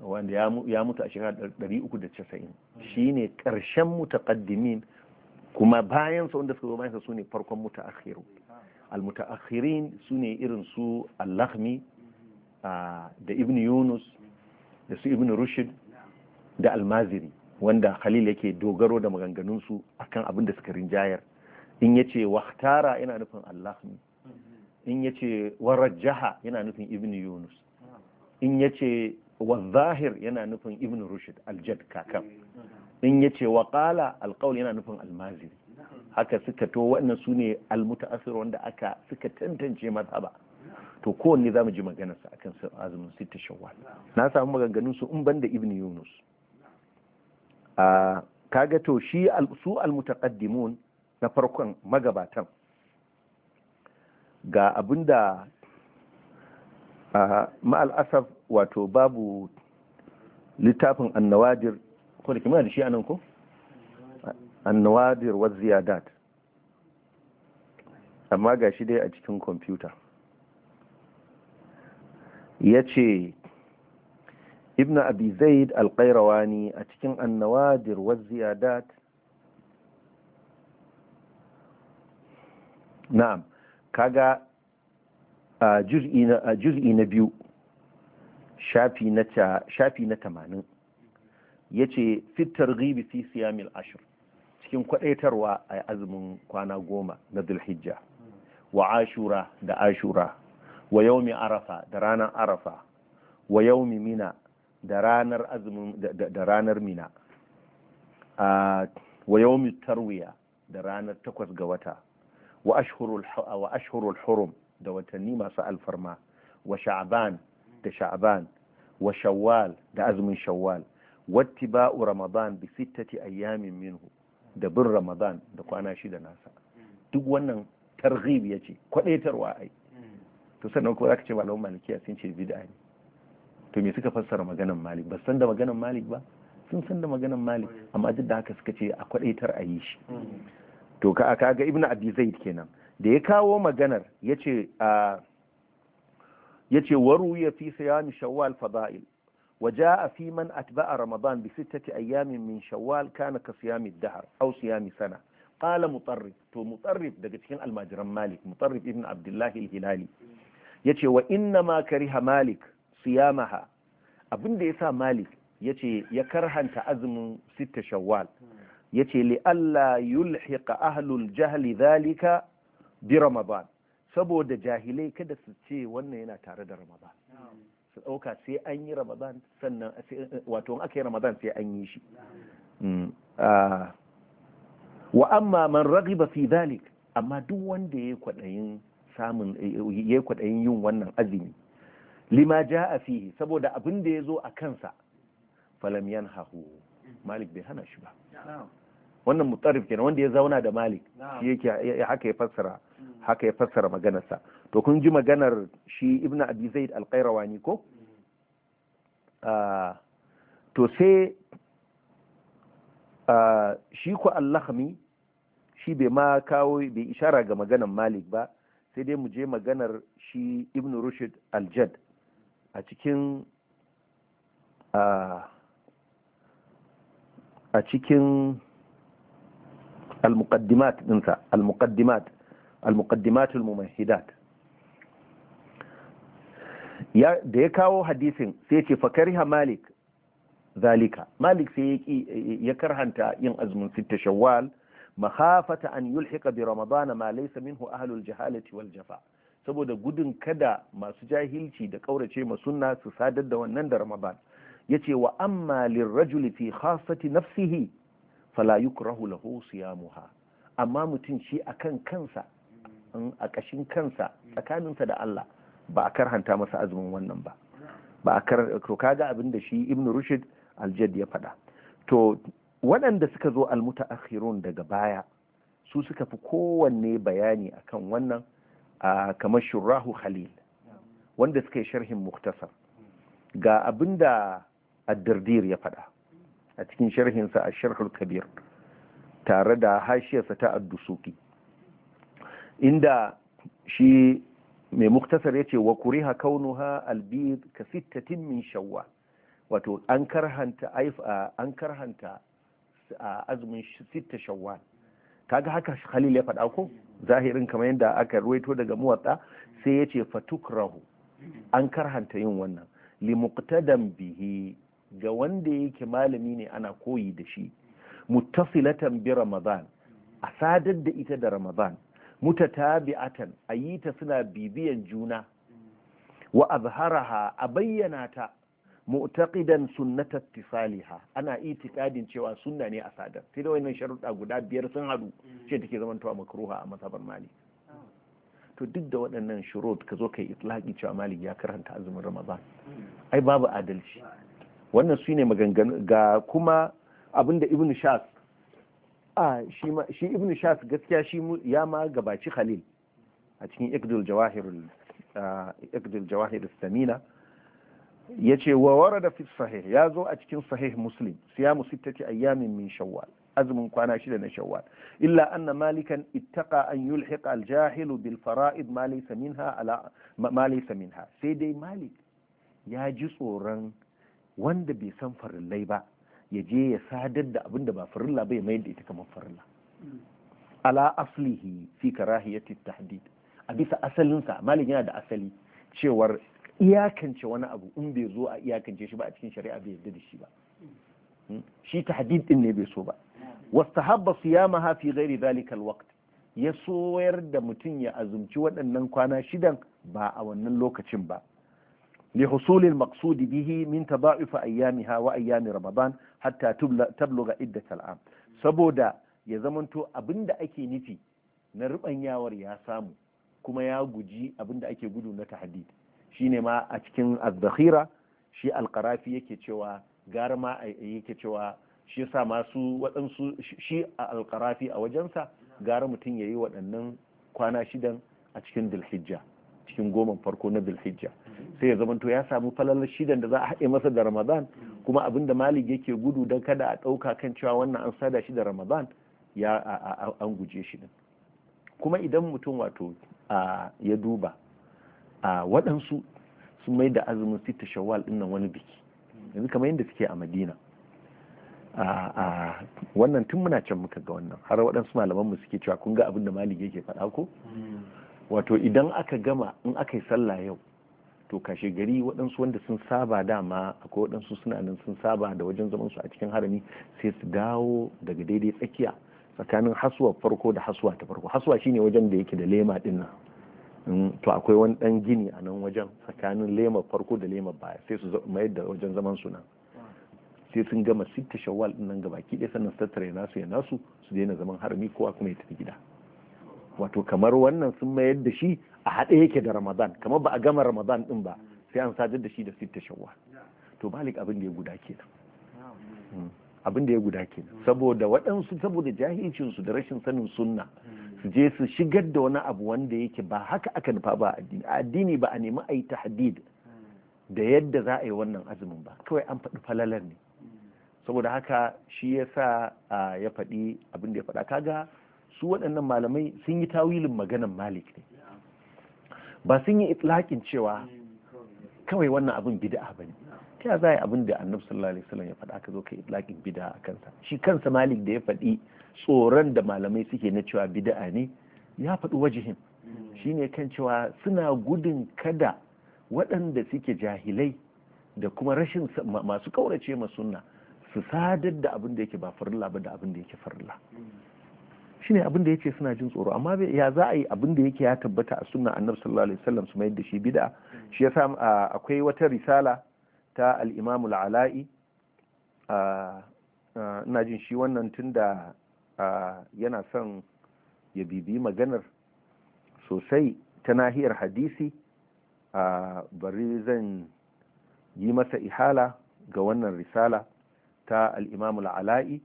wanda ya mutu a shekara 390 shine karshen mutaqaddimin kuma bayan sa wanda suka zo bayan sa sune farkon mutaakhiru almutaakhirin su ne irin su al-lakhmi ah, da ibn yunus da su ibn rushd da Al-Maziri wanda khalil yake dogaro da maganganunsu akan abin da suka rinjayar in yace wahtara yana nufin al-lakhmi in yace warajjaha yana nufin ibn yunus in yace wazahir yana nufin ibn rushd aljad kakan in yace waqala alqaul yana nufin Al-Maziri. haka suka to wannan su ne almuta'asir wanda aka suka tantance mazhaba to kowanne za mu ji maganarsa akan azumin sita shawwal na samu maganganun su in banda ibn yunus a kaga to shi su almutaqaddimun na farkon magabatan ga abinda ma'al asaf wato babu littafin annawadir ko da kima da shi anan ko annawadir wa ziyadat amma ga shi dai a cikin kwamfuta ya ce ibn abi zaid alƙairawani a cikin annawadir wa ziyadat na'am kaga a juz'i na biyu shafi na tamanin ya ce fitar ribi fi siyamil ashir cikin kwadaitarwa a azumin kwana goma na zulhijja wa ashura da ashura wa yaumi arafa da ranar arafa wa yaumi mina da ranar azumin da ranar mina wa yaumi tarwiya da ranar takwas ga wata wa ashhurul hurum da watanni masu alfarma wa sha'ban da sha'ban wa shawwal da azumin shawwal wattiba'u ramadan bi sittati ayyamin minhu da bin ramadan da kwana shida nasa duk wannan targhib ya ce kwadaitarwa ai to sannan kuma zaka ce malamin malikiya sun ce bid'a ne to me suka fassara maganar malik ba san da maganan malik ba sun san da maganan malik amma duk da haka suka ce a kwadaitar a yi shi to ka ga ibnu abi zaid kenan da ya kawo maganar yace a yace waru ya fi siyami shawwal fada'il وجاء في من أتبع رمضان بستة أيام من شوال كان كصيام الدهر أو صيام سنة قال مطرف تو مطرف دقتين المجرم مالك مطرف ابن عبد الله الهلالي يتي وإنما كره مالك صيامها أبن ديسا مالك يتي يكرها تعزم ستة شوال يتي لألا يلحق أهل الجهل ذلك برمضان saboda jahilai kada su ce wannan yana tare da ramadan su ɗauka sai an yi ramadan sannan wato aka yi ramadan sai an yi shi mm, wa amma man ragiba fi dalik amma duk wanda ya kwadayin samun kwadayin yin wannan azumi lima jaa fi saboda abin da zo a kansa falam yanhahu malik bai hana shi ba wannan mutarif kenan wanda ya zauna da malik shi yake haka ya fassara mm. haka ya fassara maganarsa to kun ji maganar shi ibn abi zaid alƙairawani ko mm-hmm. ah, to sai ah, shi ku allahami shi bai ma kawo bai ishara ga maganar malik ba sai dai mu je maganar shi ibn rushd aljad a cikin ah, a cikin al-muqaddimat dinsa al-muqaddimat da ya kawo hadisin sai ce ha malik zalika malik sai ya karhanta yin azumin sita shawwal mahafata an yulhika bi ramadan ma laysa minhu ahlul jahalati wal jafa saboda gudun kada masu jahilci da kaurace ma sunna su sadar da wannan da ramadan yace wa amma lirrajuli fi khassati nafsihi fala yukrahu lahu siyamuha amma mutum shi akan kansa a kashin kansa tsakaninsa da Allah ba a karhanta masa azumin wannan ba ba a kar to kaga abin da shi ibn rushid aljad ya faɗa to waɗanda suka zo almuta almutaakhirun daga baya su suka fi kowanne bayani akan wannan kamar shurrahu khalil wanda suka yi sharhin muktasar ga abin da addardir ya faɗa a cikin sharhinsa a sharhul kabir tare da hashiyarsa ta addusuki inda shi mai muktasar ya ce wa kuriha kaunuha albid ka sittatin min shawwa wato an karhanta an karhanta azumin sitta shawwa kaga haka Khalil ya faɗa ko zahirin kamar yadda aka ruwaito daga muwatta sai ya ce fatukrahu an karhanta yin wannan li muqtadan bihi ga wanda yake malami ne ana koyi da shi muttasilatan bi ramadan a sadar da ita da ramadan mutatabi'atan ta suna bibiyan juna wa azharaha a bayyana ta mu'taqidan sunnata tisaliha ana itikadin cewa sunna ne a sadar sai da wannan sharuɗa guda biyar sun hadu ce take zaman to makruha a masabar mali. to duk da waɗannan shurut ka zo kai itlaqi cewa mali ya karanta azumin ramadan ai babu adalci wannan su ne maganganu ga kuma abinda ibnu shas a shi ibn shas gaskiya shi ya ma gabaci khalil a cikin ikdul jawahir samina ya ce wa wara da fi sahih ya zo a cikin sahih muslim siyamu sittati ayyamin min shawwal azumin kwana shida na shawwal illa anna malikan ittaqa an yulhiq al-jahilu bil fara'id ma laysa minha ala ma laysa minha sai dai malik ya ji tsoron wanda bai san farillai ba ya je ya sadar da abin da ba farilla ba ya mayar da ita kamar farilla mm. ala aslihi fi karahiyati tahdid a bisa asalinsa malik yana da asali cewar iyakance wani abu in bai zo a iyakance shi ba a cikin shari'a bai yarda da shi ba mm. hmm? shi tahdid din ne bai so ba mm. wastahabba ya fi ghairi dhalika alwaqt ya soyar da mutum ya azumci waɗannan kwana shidan ba a wannan lokacin ba li husulil maqsudi bihi min tada'uf ayyamiha wa ayyami ramadan hatta tabloga idda sal'am saboda ya zamanto abin da ake nufi na rubanyawar ya samu kuma ya guji abinda ake gudu na tahdid shine ma a cikin az-zakhira shi al-qarafi yake cewa gara ma yake cewa shi yasa masu waɗansu shi al-qarafi a wajensa gara mutum ya yayi waɗannan kwana shidan a cikin dilhijja cikin goma farko na bilhijja sai ya zamanto ya samu falalar shidan da za a haɗe masa da ramadan kuma abin da malik yake gudu don kada a ɗauka kan cewa wannan an sada shi da ramadan ya an guje shi din kuma idan mutum wato ya duba a waɗansu sun mai da azumin sita shawwal ɗin nan wani biki yanzu kamar yadda suke a madina a wannan tun muna can muka ga wannan har waɗansu malaman mu suke cewa kun ga abin da malik yake faɗa ko wato idan aka gama in aka yi sallah yau to kashe gari waɗansu wanda sun saba dama akwai waɗansu suna nan sun saba da wajen zaman su a cikin harami sai su dawo daga daidai tsakiya tsakanin hasuwa farko da hasuwa ta farko hasuwa shine wajen da yake da lema din nan mm, to akwai wani dan gini a nan wajen tsakanin lema farko da lema baya sai su mayar da wajen zaman su nan sai sun gama sitta shawwal din nan gabaki ɗaya sannan su tattara nasu ya nasu su daina zaman harami kowa kuma ya tafi gida wato kamar wannan sun mayar da shi a haɗe yake da ramadan kamar ba a gama ramadan ɗin ba sai an sadar da shi da sitta shawwal to malik abin da ya guda kenan abin da ya guda kenan saboda waɗansu saboda jahilcinsu da rashin sanin sunna su je su shigar da wani abu wanda yake ba haka aka nufa ba addini a addini ba a nemi a yi tahdid da yadda za a yi wannan azumin ba kawai an faɗi falalar ne saboda haka shi ya sa ya faɗi abin da ya faɗa kaga su waɗannan malamai sun yi tawilin maganan malik ne ba sun yi itlaƙin cewa kawai wannan abin bida'a ba ne ta za a yi abin da annabi sallallahu alaihi wasallam ya faɗa ka zo ka itlaƙin bida'a a kansa shi kansa malik da ya faɗi tsoron da malamai suke na cewa bida'a ne ya faɗi wajihin shine kan cewa suna gudun kada waɗanda suke jahilai da kuma rashin masu ƙaurace ma sunna su sadar da abin da yake ba farilla ba da abin da yake farilla shine abin da yake suna jin tsoro amma ya za a yi abin da yake ya tabbata a sunna annabi sallallahu alaihi wasallam su mayar da shi bid'a shi yasa akwai wata risala ta al-imam al-ala'i ina jin shi wannan tunda yana son ya bibi maganar sosai ta nahiyar hadisi a bari zan yi masa ihala ga wannan risala ta al'imamul ala'i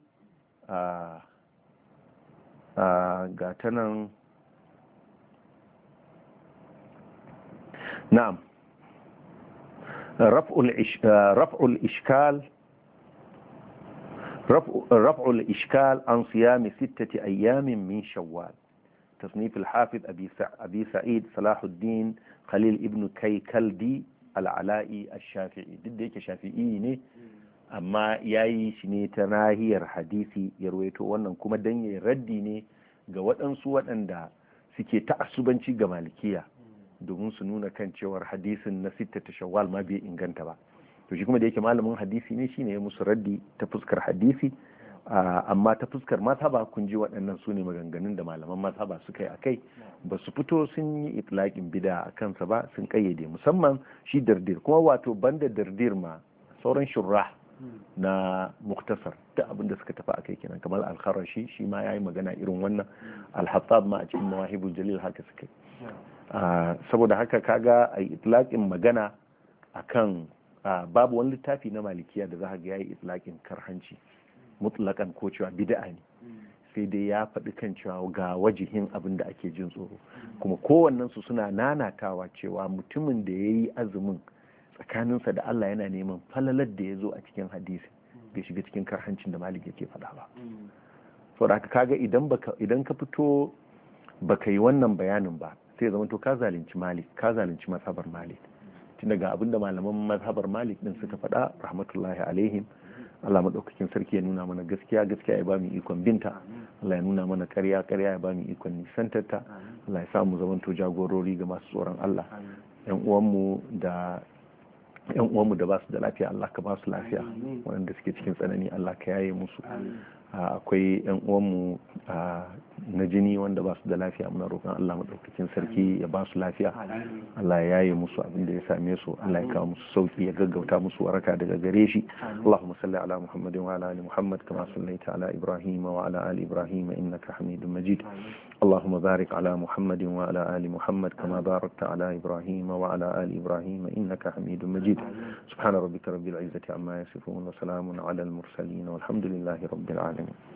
آه، ga ta nan na'am نعم. رفع ishkal آه، رفع الإشكال عن صيام ستة أيام من شوال تصنيف الحافظ أبي, أبي سعيد صلاح الدين خليل ابن كيكلدي العلائي الشافعي ضد هيك شافعي amma ya yi shi ne ta nahiyar hadisi ya ruwaito wannan kuma don ya raddi ne ga waɗansu waɗanda suke ta'assubanci ga malikiya domin su nuna kan cewar hadisin na sitta ta shawwal ma bai inganta ba to shi kuma da yake malamin hadisi ne shine ya musu raddi ta fuskar hadisi amma ta fuskar mazhaba kun ji waɗannan su ne maganganun da malaman mazhaba suka yi akai ba su fito sun yi itlaƙin bida a kansa ba sun kayyade musamman shi dardir kuma wato banda dardir ma sauran shurrah na muktasar duk abin da suka tafi a kai kenan kamar alkharashi shi ma ya yi magana irin wannan alhassab ma a cikin mawahibul jalil haka suka ah, saboda haka kaga a itlaƙin magana a kan babu wani littafi na malikiya da za ga ya yi itlaƙin karhanci mutlakan ko cewa bida'a ne mm. sai dai ya faɗi kan cewa ga wajihin abin da ake jin tsoro kuma kowannensu suna nanatawa cewa mutumin da ya yi azumin tsakaninsa da Allah yana neman falalar da ya zo a cikin hadisi bai shiga cikin karhancin da malik yake faɗa ba saboda haka kaga idan ka fito baka yi wannan bayanin ba sai zama to ka zalunci malik ka zalunci mazhabar malik tun daga abin da malaman mazhabar malik din suka faɗa rahmatullahi alaihim Allah maɗaukakin sarki ya nuna mana gaskiya gaskiya ya ba mu ikon binta Allah ya nuna mana karya karya ya ba mu ikon nisantarta Allah ya samu zamanto jagorori ga masu tsoron Allah yan uwanmu da yan uwanmu da ba su da lafiya Allah ka ba su lafiya waɗanda suke cikin tsanani Allah ka yaye musu ah, akwai yan uwanmu ah, na jini wanda ba su da lafiya muna roƙon Allah madaukakin sarki ya ba su lafiya Allah ya yaye musu abin da ya same su Allah ya kawo musu sauki ya gaggauta musu waraka daga gare shi Allahumma salli ala Muhammadin wa ala ali Muhammad kama sallaita ala Ibrahim wa ala ali Ibrahim innaka Hamidum Majid Allahumma barik ala Muhammadin wa ala ali Muhammad kama barakta ala Ibrahim wa ala ali Ibrahim innaka Hamidum Majid subhana rabbika rabbil izzati amma yasifun wa salamun ala al mursalin والحمد لله رب العالمين